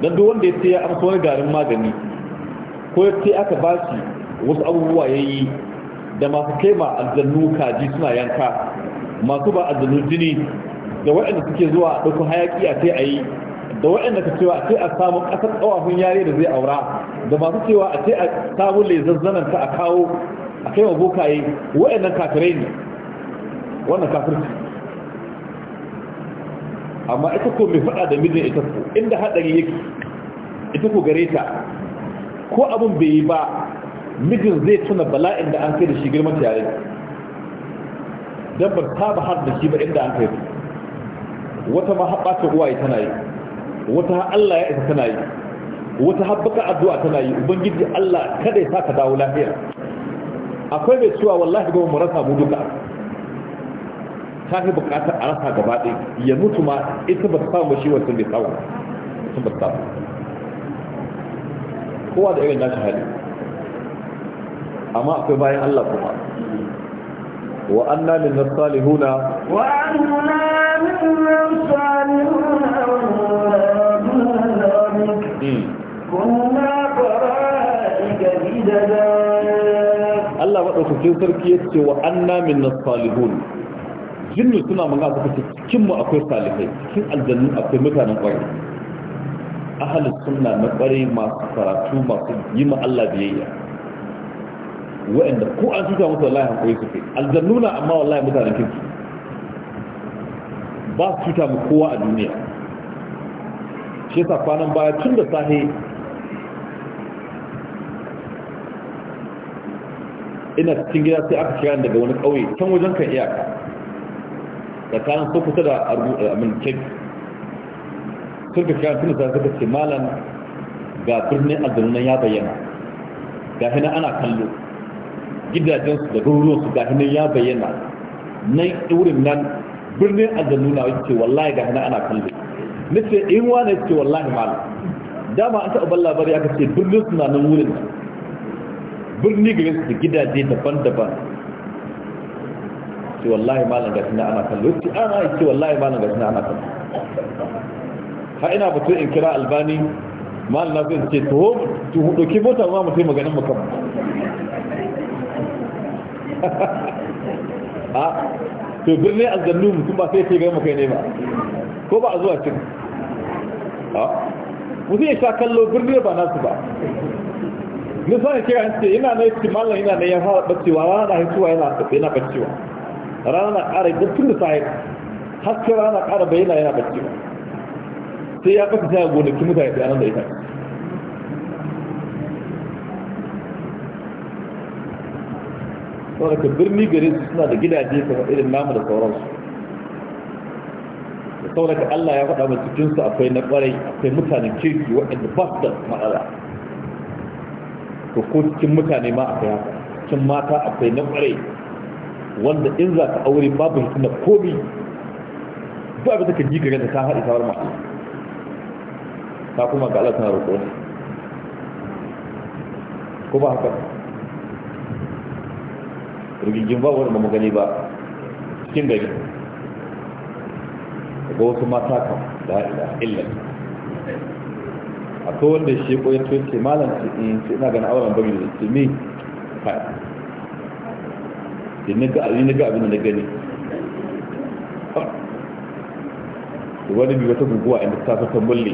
don duk wanda ya ce ya amsa wani garin magani ko ya ce aka ba shi wasu abubuwa ya yi da masu kaima aljannu kaji suna yanka masu ba a jini da waɗanda suke zuwa a ɗauko hayaƙi a sai a yi da waɗanda ka cewa sai a samu ƙasar ƙawafin yare da zai aura da masu cewa a sai a samu lezazzanan ta a kawo a kai wa bokaye waɗannan kafirai ne wannan kafirci amma ita ko mai faɗa da mijin ita ko inda haɗari yake ita ko gare ta ko abin bai yi ba mijin zai tuna bala'in da an kai da shi girman yare dabbar ta ba har da shi ba inda an kai wata ma haɓa ta uwaye tana yi wata Allah ya isa tana yi wata haɓaka addu'a tana yi ubangiji Allah kada ya saka dawo lafiya akwai mai cewa wallahi ba mu rasa mu duka ta fi buƙatar a rasa gaba ɗaya ya mutu ma ita ba ta samu shi wancan mai tsawo, sun ba ta kowa da irin nashi hali amma akwai bayan Allah kuma وأنا منا الصالحون وأنا منا الصالحون Allah قرائك بددا الله وأخذ تركي يتي وأنا منا الصالحون jinnu suna magana suka ce cikinmu akwai salihai cikin aljannu akwai mutanen ƙwarai ahalin suna na ƙwarai masu karatu masu yi ma Allah biyayya wa'anda ko an shuka musu wallahi hankali suke aljannuna amma wallahi mutanen su. ba su cuta mu kowa a duniya shi yasa kwanan baya tun da sahi. ina cikin gida sai aka kira daga wani ƙauye can wajen kan iyaka tsakanin so kusa da amin eh, kek sun ka kira tun da suka ce malam ga birnin aljannunan ya bayyana ga hina ana kallo gidajensu da su ga hannun ya bayyana nan wurin nan birnin aljannu na ce wallahi ga hannun ana kallo na ce in wane ce wallahi malam dama an taɓa labari aka ce birnin suna nan wurin nan birni garin su da gidaje daban-daban ce wallahi malam ga hannun ana kallo ce ana ah, ce wallahi malam ga hannun ana kallo ha ina fito in kira albani malam na zai ce to hudu ɗauki mota ma mutum maganin mu kan a [laughs] ah, to birnin azannu mutum ba sai ce gai kai ne ba ko ba a zuwa cin a ah, mutum ya sha kallo birnin ba nasu ba ke kira hanci yana na yi mallan yana na ya fara bacewa rana na haihuwa yana bacewa rana na ƙara gabtun da sahi haske rana ƙara bayyana yana bacewa sai ya kasa sai a gonaki mutane da yanar da ita ka birni gare su suna da gidaje kamar irin namu da sauransu da ka Allah ya faɗa masu cikinsu akwai na ƙwarai akwai mutanen kirki waɗanda ba su da matsala ko cikin mutane ma akwai haka cikin mata akwai na ƙwarai wanda in za ka aure babu hikima komi duk abin da ka ji gare ta ta haɗe tawar ma'a ta kuma ga Allah tana roƙo ne ko ba haka rigingin ba wani mu gani ba cikin gari ga wasu mata kan da ila illa a to wanda shi koyin tunce malam ce in eh, ce ina ganin auren bari da ce me kai Da ga abin da gani wani bi wata guguwa inda ta fata mulle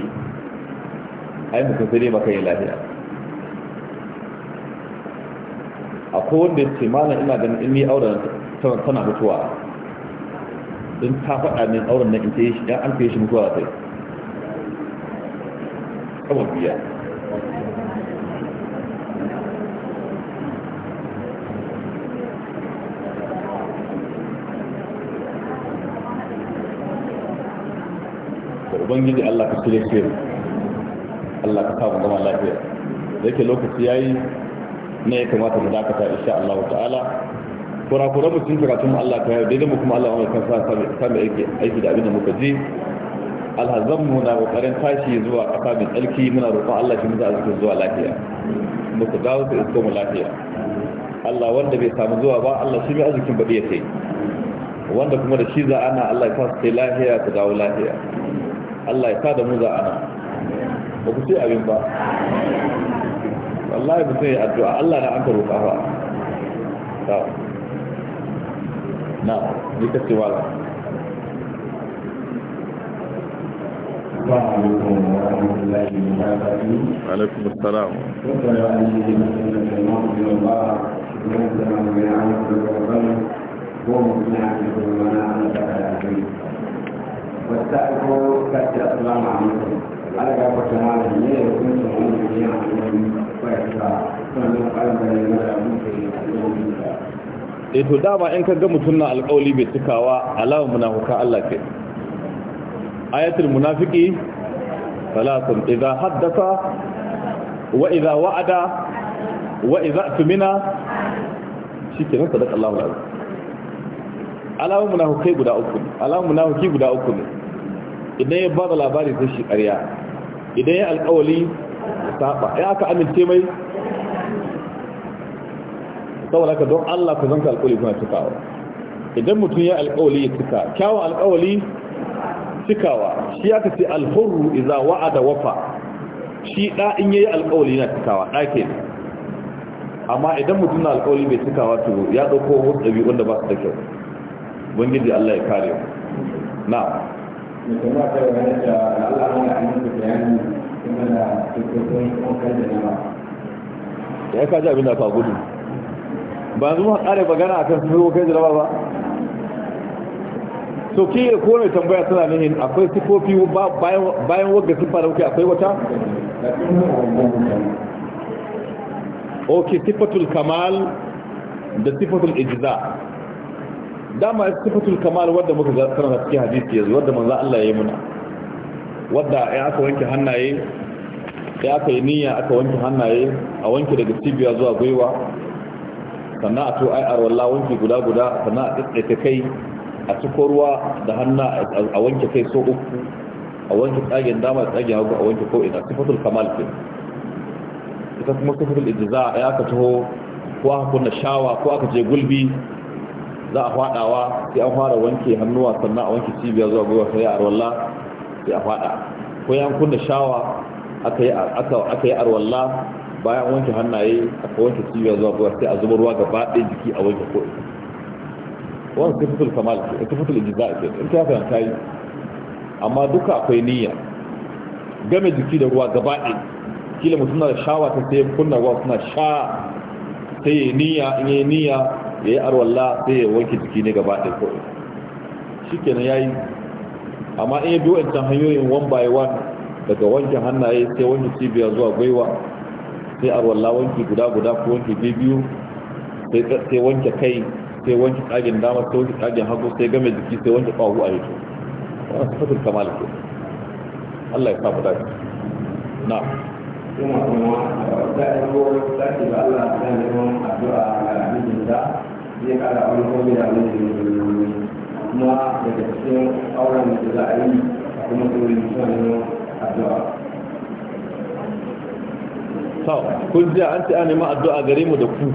yi mutum sai dai maka yi lafiya akwai wanda ce malam ina ganin in yi auren tana mutuwa in ta faɗa min auren na in ta yi shi an fiye shi mutuwa sai kama biya gidi Allah ka shirye shirye Allah ka kawo gama lafiya da yake lokaci yayi na ya kamata mu dakata insha Allah ta'ala kurakuran mutum karatun Allah ta yau dai-dai mu kuma Allah mai kan sa mu aiki da abin da muka ji alhazan mu na kokarin tashi zuwa kafa mai tsarki muna roƙon Allah shi muka azuki zuwa lafiya mu muka dawo su isko mu lafiya Allah wanda bai samu zuwa ba Allah shi mai azukin baɗi ya kai. wanda kuma da shi za ana Allah ya sa lafiya su dawo lafiya Allah ya sa da mu za ana ba ku sai abin ba wallahi mutum ya addu'a Allah na an karo kafa na ni ka ce wala alaikum assalam واستعرضوا كأس الأسلام عليكم ala ga kwata malam ne ya kunta wani ne a wani kwayarsa sannan ɓangare na da mutane a wani da e to dama in ka ga mutum na alƙawli bai cikawa alama munafuka Allah ce ayatul munafiki salatun idza haddatha wa idza wa'ada wa idza tumina shikenan sadaka Allahu alazim alamun munafukai guda uku alamun munafiki guda uku ne idan ya ba da labari sai shi ƙarya idan ya alkawali saba ya aka amince mai saboda ka don Allah ka zanka alkawali kuna cikawa idan mutum ya alkawali ya cika kyawun alkawali cikawa shi ya ce alhurru iza wa'ada wafa shi da in yayi alkawali na cikawa dake amma idan mutum na alkawali bai cikawa to ya dauko wasu dabi'un da ba su da kyau bangiji Allah ya kare mu na'am musamman ta wani da Allah an da annabi yi kuma da tukurin kokar da nama ya kaji abin da ka gudu ba yanzu muka kare magana kan su kai da ba so ki ko mai tambaya tana nihin akwai sifofi bayan wadda sifa da kuke akwai wata? ok sifatul kamal da sifatul ijza dama sifatul kamal wadda muka ga karanta cikin hadisi yanzu wadda manzo Allah ya yi muna wadda ya aka wanke hannaye ya aka yi niyya aka wanke hannaye a wanke daga cibiya zuwa gwiwa sannan a to ai arwalla wanki guda guda sannan a tsitsaita kai a ciko ruwa da hannu a wanke kai so uku a wanke tsagen dama da tsagen hagu a wanke ko'ina, ina sifatul kamal ke ita kuma sifatul Ijiza ya aka taho ko aka kunna shawa ko aka je gulbi za a fadawa sai an fara wanke hannuwa sannan a wanke cibiyar zuwa gwiwa sai a arwalla sai a fada ko yan kunna shawa aka yi aka yi arwalla bayan wanke hannaye aka wanke cibiyar zuwa gwiwa sai a zuba ruwa gaba ɗaya jiki a wanke ko wannan sai fitul kamal ce ita fitul ijiza ce in ta fahimta kai, amma duka akwai niyya game jiki da ruwa gaba ɗaya kila mutum na da shawa ta sai kunna ruwa suna sha sai niyya in yi niyya ya yi arwalla sai ya wanke jiki ne gaba ɗaya ko shi kenan ya yi amma in ya bi wancan hanyoyin one by one daga wanke hannaye sai wanke cibiya zuwa gwiwa sai arwalla wanki guda guda ko wanke biyu sai wanke kai sai wanke tsagen dama sai wanke tsagen hagu sai game jiki sai wanke ƙwahu a yato wannan sifatin kamar ke Allah ya sa mu dace na'am Kuma kuma da ɗago sake ba Allah ta neman addu'a ga mijinta zai ƙara wani komai da wani kuma daga cikin auren da za a yi a kuma tsoron suna neman addu'a to kun ji an ce an nema addu'a gare mu da ku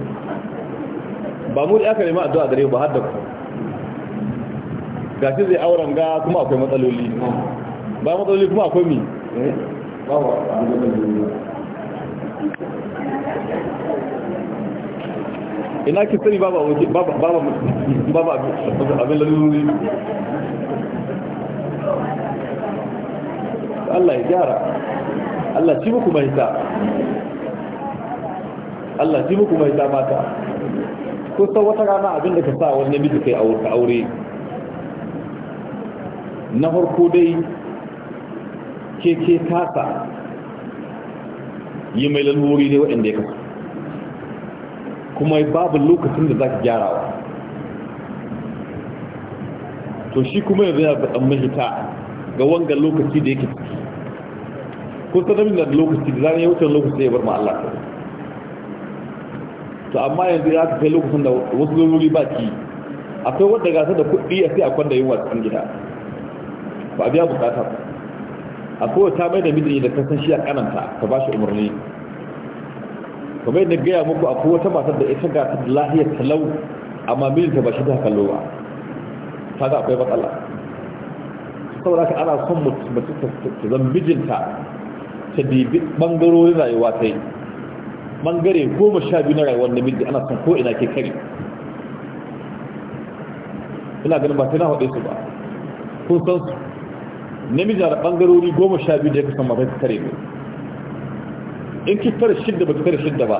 ba mu da aka nema addu'a gare mu ba har da ku gashi zai auren ga kuma akwai matsaloli ba matsaloli kuma akwai mi eh, ba ba ina ki sani babu aboki babu babu abin lalurori Allah ya gyara Allah ci muku mai ta Allah ji muku mai mata ko san wata rana abin da ka sa wani namiji kai aure na farko dai keke kasa yi mai lalwori ne waɗanda ya kasu kuma babu lokacin da za ka gyarawa to shi kuma yanzu yana da mahita ga wangan lokaci da yake ciki ko sanarin da lokaci da yi wuce lokaci ya bar ma Allah ta to amma yanzu ya ka kai lokacin da wasu lalwori ba ki akwai wadda gasa da kuɗi a sai a kwanda yin wasu gida ba a biya bukata ba a kowace ta mai da midiri da kasan shi a kananta ka ba shi umarni Kuma yadda gaya muku a kowace matar da ita ga ta lahiyar talau amma ta ba shi ta kallo ba ta ga akwai matsala saboda ka ana son mutu ta zan mijinta ta bibi bangarorin rayuwa ta yi bangare goma sha biyu na rayuwar namiji ana son ko ina ke kari ina ganin ba ta na haɗe su ba kun san su namiji da bangarori goma sha biyu da ya kusan mafi tare ne in ki tare shidda ba ki tare shidda ba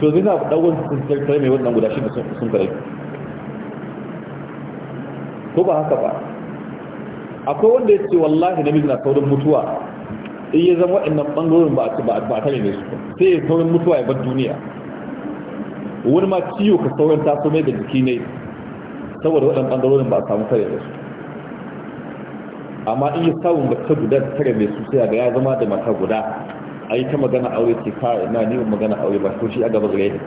to zai na ɗauwan sun tare mai wannan guda shidda sun tare ko ba haka ba akwai wanda ya ce wallahi namiji na saurin mutuwa in ya zama waɗannan bangarorin ba a tare ne su sai ya saurin mutuwa ya bar duniya wani ma ciwo ka saurin taso mai da jiki ne saboda waɗannan bangarorin ba a samu tare da su amma in yi samun mace guda tare mai su sai ga ya zama da mata guda a yi ta magana aure ce ka na ni magana aure ba to shi a gaba gare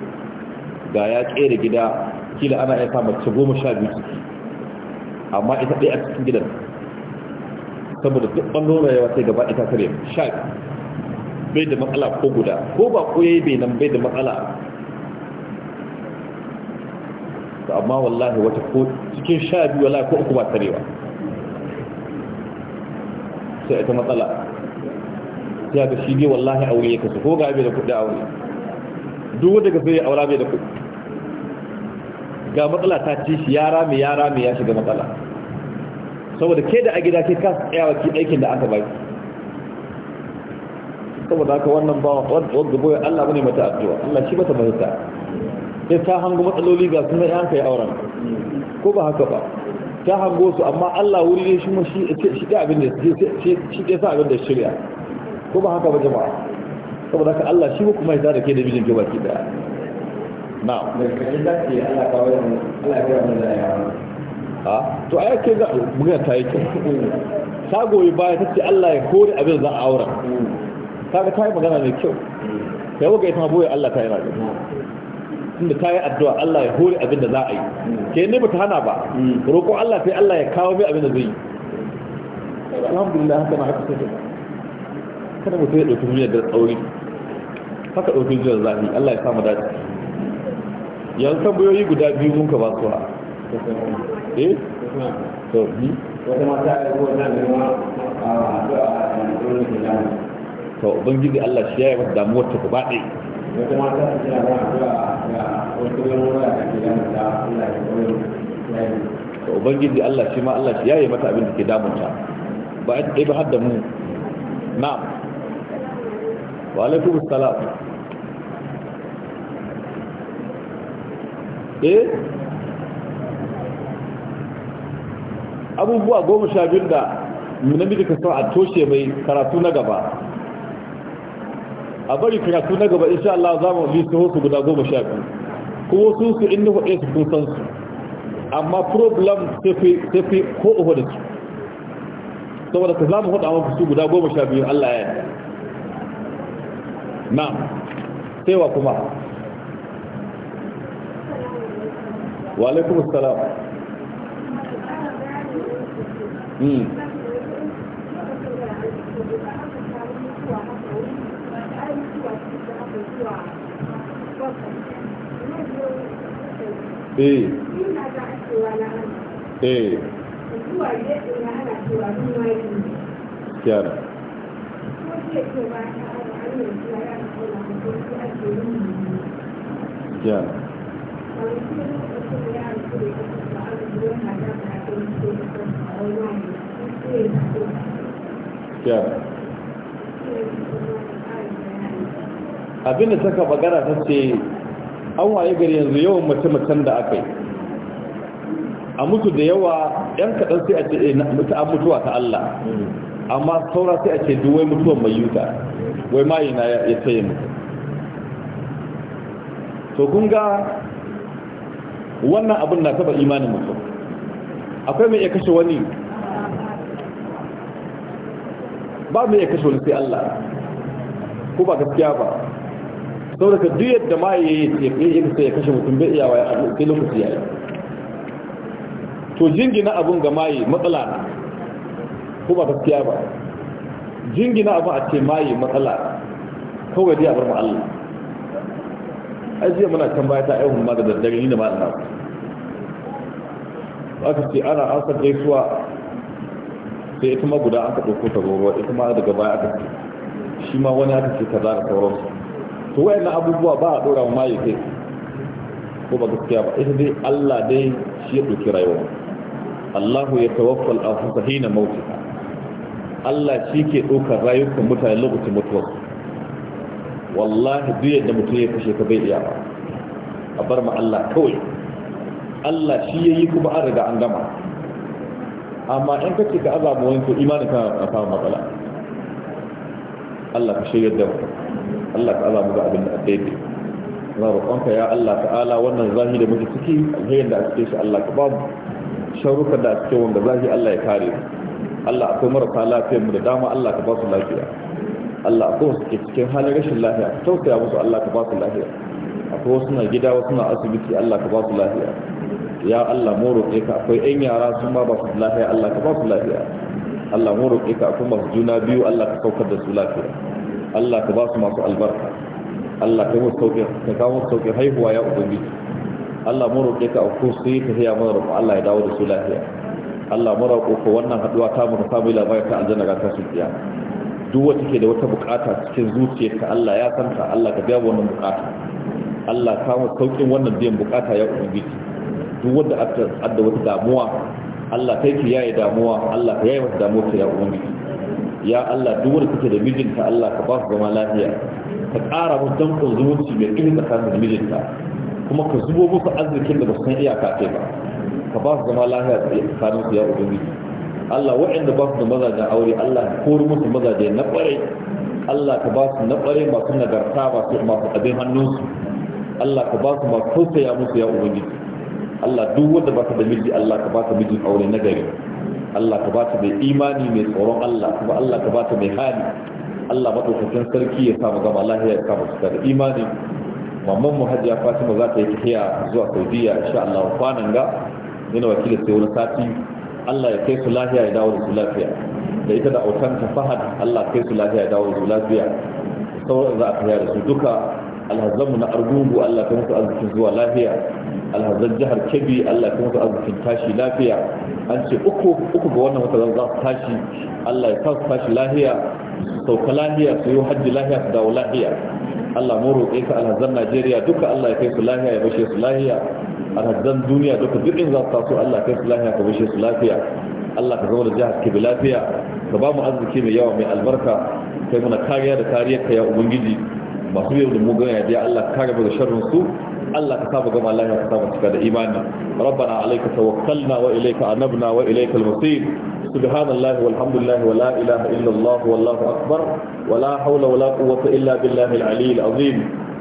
ga ya kera gida kila ana iya samun mace goma sha biyu ciki amma ita ɗaya a cikin gidan saboda duk ɓangaren rayuwa sai gaba ita tare sha bai da matsala ko guda ko ba ko yayi bai nan bai da matsala amma wallahi wata ko cikin sha biyu wallahi ko uku ba tarewa sai ita matsala ya ga shi ne wallahi aure ya kasu ko ga abin da kudi aure duk wanda ka sai ya aura bai da kudi ga matsala ta ci shi yara mai yara mai ya shiga matsala saboda ke da a gida ke ka tsayawa ki aikin da aka baki saboda haka wannan ba wadda boye Allah bane mata addu'a Allah shi mata mahita sai ta hango matsaloli ga sunan yanka ya auren ko ba haka ba ta hango su amma Allah wuri ne shi shi abin da shi ke sa abin da shirya ko ba haka ba jama'a saboda haka Allah shi kuma ya da ke da bijin gaba ki da na a to a yake ga bugan ta yake ta goyi baya ta ce Allah ya kore abin za a aura hmm. kaga ta yi magana mai kyau hmm. kai waga ita ma boye Allah ta yi magana hmm. tunda ta yi addu'a Allah ya hori abin da za a yi ke ne bata hana ba roƙo Allah sai Allah ya kawo mai abin da zai yi alhamdulillah haka na haka sai kada mutum ya ɗauki duniyar da tsauri haka ɗauki duniyar zafi Allah ya sa mu dace yan tambayoyi guda biyu mun ka ba su ha eh to ni wata mata ya zo nan ne ma a ah, addu'a a cikin duniyar ta ubangiji Allah shi ya yi mata damuwar ta gaba ɗaya wata kuma ta ce ba ga wata yawan da ke damunta Allah ya yi to ubangiji Allah shi ma Allah shi ya yi mata abin da ke damunta ba a ɗaya ba hada mu na wa alaikum salam eh abubuwa goma sha biyu da namiji ka sa a toshe mai karatu na gaba a bari karatu na gaba insha Allah za mu bi su guda goma sha biyu kuma su su inda hudu su kun san su amma problem sai fi ko uku da su saboda ka za mu hudu amma su guda goma sha biyu Allah ya yarda na'am sai wa kuma wa alaikum assalam mm eh eh kyara Yeah. Yeah. abinda saka magana ta ce an waye gari yanzu yawan mace-macen da aka yi a mutu da yawa yan kaɗan sai a ce eh, an mutuwa ta Allah amma saura sai a ce duwai mutuwan mai yuta wai mayi na ya tsaye mutu to kun ga wannan abin na taba imanin mutum akwai mai ya kashe wani ba mai ya kashe wani sai Allah ko ba gaskiya ba saboda ka duk yadda ma ya yi ya sai ya kashe mutum bai iyawa ya abu sai lokaci ya yi to jingina abun ga maye matsala na ko ba gaskiya ba jingina abun a ce maye matsala kawai dai a bar mu Allah muna can baya ta aihun ma da daddare ni da ma Allah aka ce ana asar gaisuwa sai ita ma guda aka ɗauko ta ruwa ita ma daga baya aka ce shi ma wani aka ce za da sauransu to wayannan abubuwa ba a dora wa maye kai ko ba gaskiya ba ita dai Allah dai shi ya doki rayuwa Allahu ya tawaffal anfusa hina mautiha Allah shi ke ɗaukar rayukan mutane lokacin mutuwar wallahi duk yadda mutum ya kashe ka bai iya ba a bar ma Allah kawai Allah shi ya yi kuma an riga an gama amma in kace ka azabu wani to imanin ka na samun matsala Allah ka shirya da mutum Allah ta'ala mu ga abin da daidai na roƙonka ya Allah ta'ala wannan zahi da muke ciki alherin da a shi Allah ka babu sharuka da ake wanda zahi Allah ya kare Allah akwai marasa lafiyar mu da dama Allah ka ba su lafiya Allah akwai wasu ke cikin halin rashin lafiya ka tausaya musu Allah ka ba su lafiya akwai wasu na gida wasu na asibiti Allah ka ba su lafiya ya Allah mu roƙe ka akwai ƴan yara sun ma ba su lafiya Allah ka ba su lafiya Allah mu roƙe ka akwai masu juna biyu Allah ka saukar da su lafiya Allah ka ba su masu albarka Allah ka musu sauƙin ka kawo musu haihuwa ya ubangi Allah mu roƙe ka ko sai ka haya mana roƙo Allah ya dawo da su lafiya Allah mu roƙo ko wannan haduwa ta mu samu samu labarin ta aljanna ga ta su biya duk wata ke da wata bukata cikin ka Allah ya san ka Allah ka biya wannan bukata Allah ka mu sauƙin wannan biyan bukata ya ubangi duk wanda adda wata damuwa Allah kai ki yaye damuwa Allah ka yaye wata damuwa ya ubangi ya Allah duk kuke da mijinta Allah ka ba su zama lafiya ka ƙara mu danƙon zumunci mai ƙin tsakanin mijinta kuma ka zubo musu arzikin da ba su san iyaka ce ba ka ba su zama lafiya tsakanin su ya ubangiji Allah waɗanda ba su da mazajen aure Allah ka kori musu mazaje na ƙwarai Allah ka ba su na ƙwarai masu nagarta masu masu abin hannunsu Allah ka ba su masu tausaya musu ya ubangiji Allah duk wanda ba su da miji Allah ka ba ta mijin aure na gari Allah ka ta mai imani mai tsoron Allah kuma Allah ka ta mai hali Allah madaukakin sarki ya samu gama lahiya ya samu da imani mamman mu hajiya Fatima za ta yi tafiya zuwa Saudiya insha Allah kwanan ga yana wakilin sai wani sati Allah ya kai su lahiya ya dawo da su lafiya da ita da ta Fahad Allah kai su lafiya ya dawo da su lafiya sauran za a tafiya da su duka alhazzamu na argungu Allah ta musu arzikin zuwa lafiya alhazan jihar kebbi allah ya kuma ka arzikin tashi lafiya an ce uku uku ga wannan wata za su tashi allah ya sa su tashi lahiya sauka lahiya su yi hajji lahiya su dawo lahiya allah mu roƙe ka alhazan najeriya duka allah ya kai su lahiya ya bashe su lahiya alhazan duniya duka duk in za su taso allah ya kai su lahiya ka bashe su lafiya allah ka zama da jihar kebbi lafiya ka ba mu arziki mai yawa mai albarka kai muna kariya da kariyar ka ya ubangiji masu yau da mugun ya Allah kare mu da sharrin su Allah ka saba gama Allah ka saba cika da imani rabbana alayka tawakkalna wa ilayka anabna wa ilayka al-masir subhanallahi walhamdulillahi wa la ilaha illa Allah wallahu akbar wa la hawla wa la quwwata illa billahi al-ali al-azim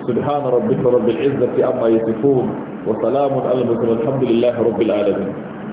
subhana rabbika rabbil izzati amma yasifun wa salamun ala al-mursalin alhamdulillahi rabbil alamin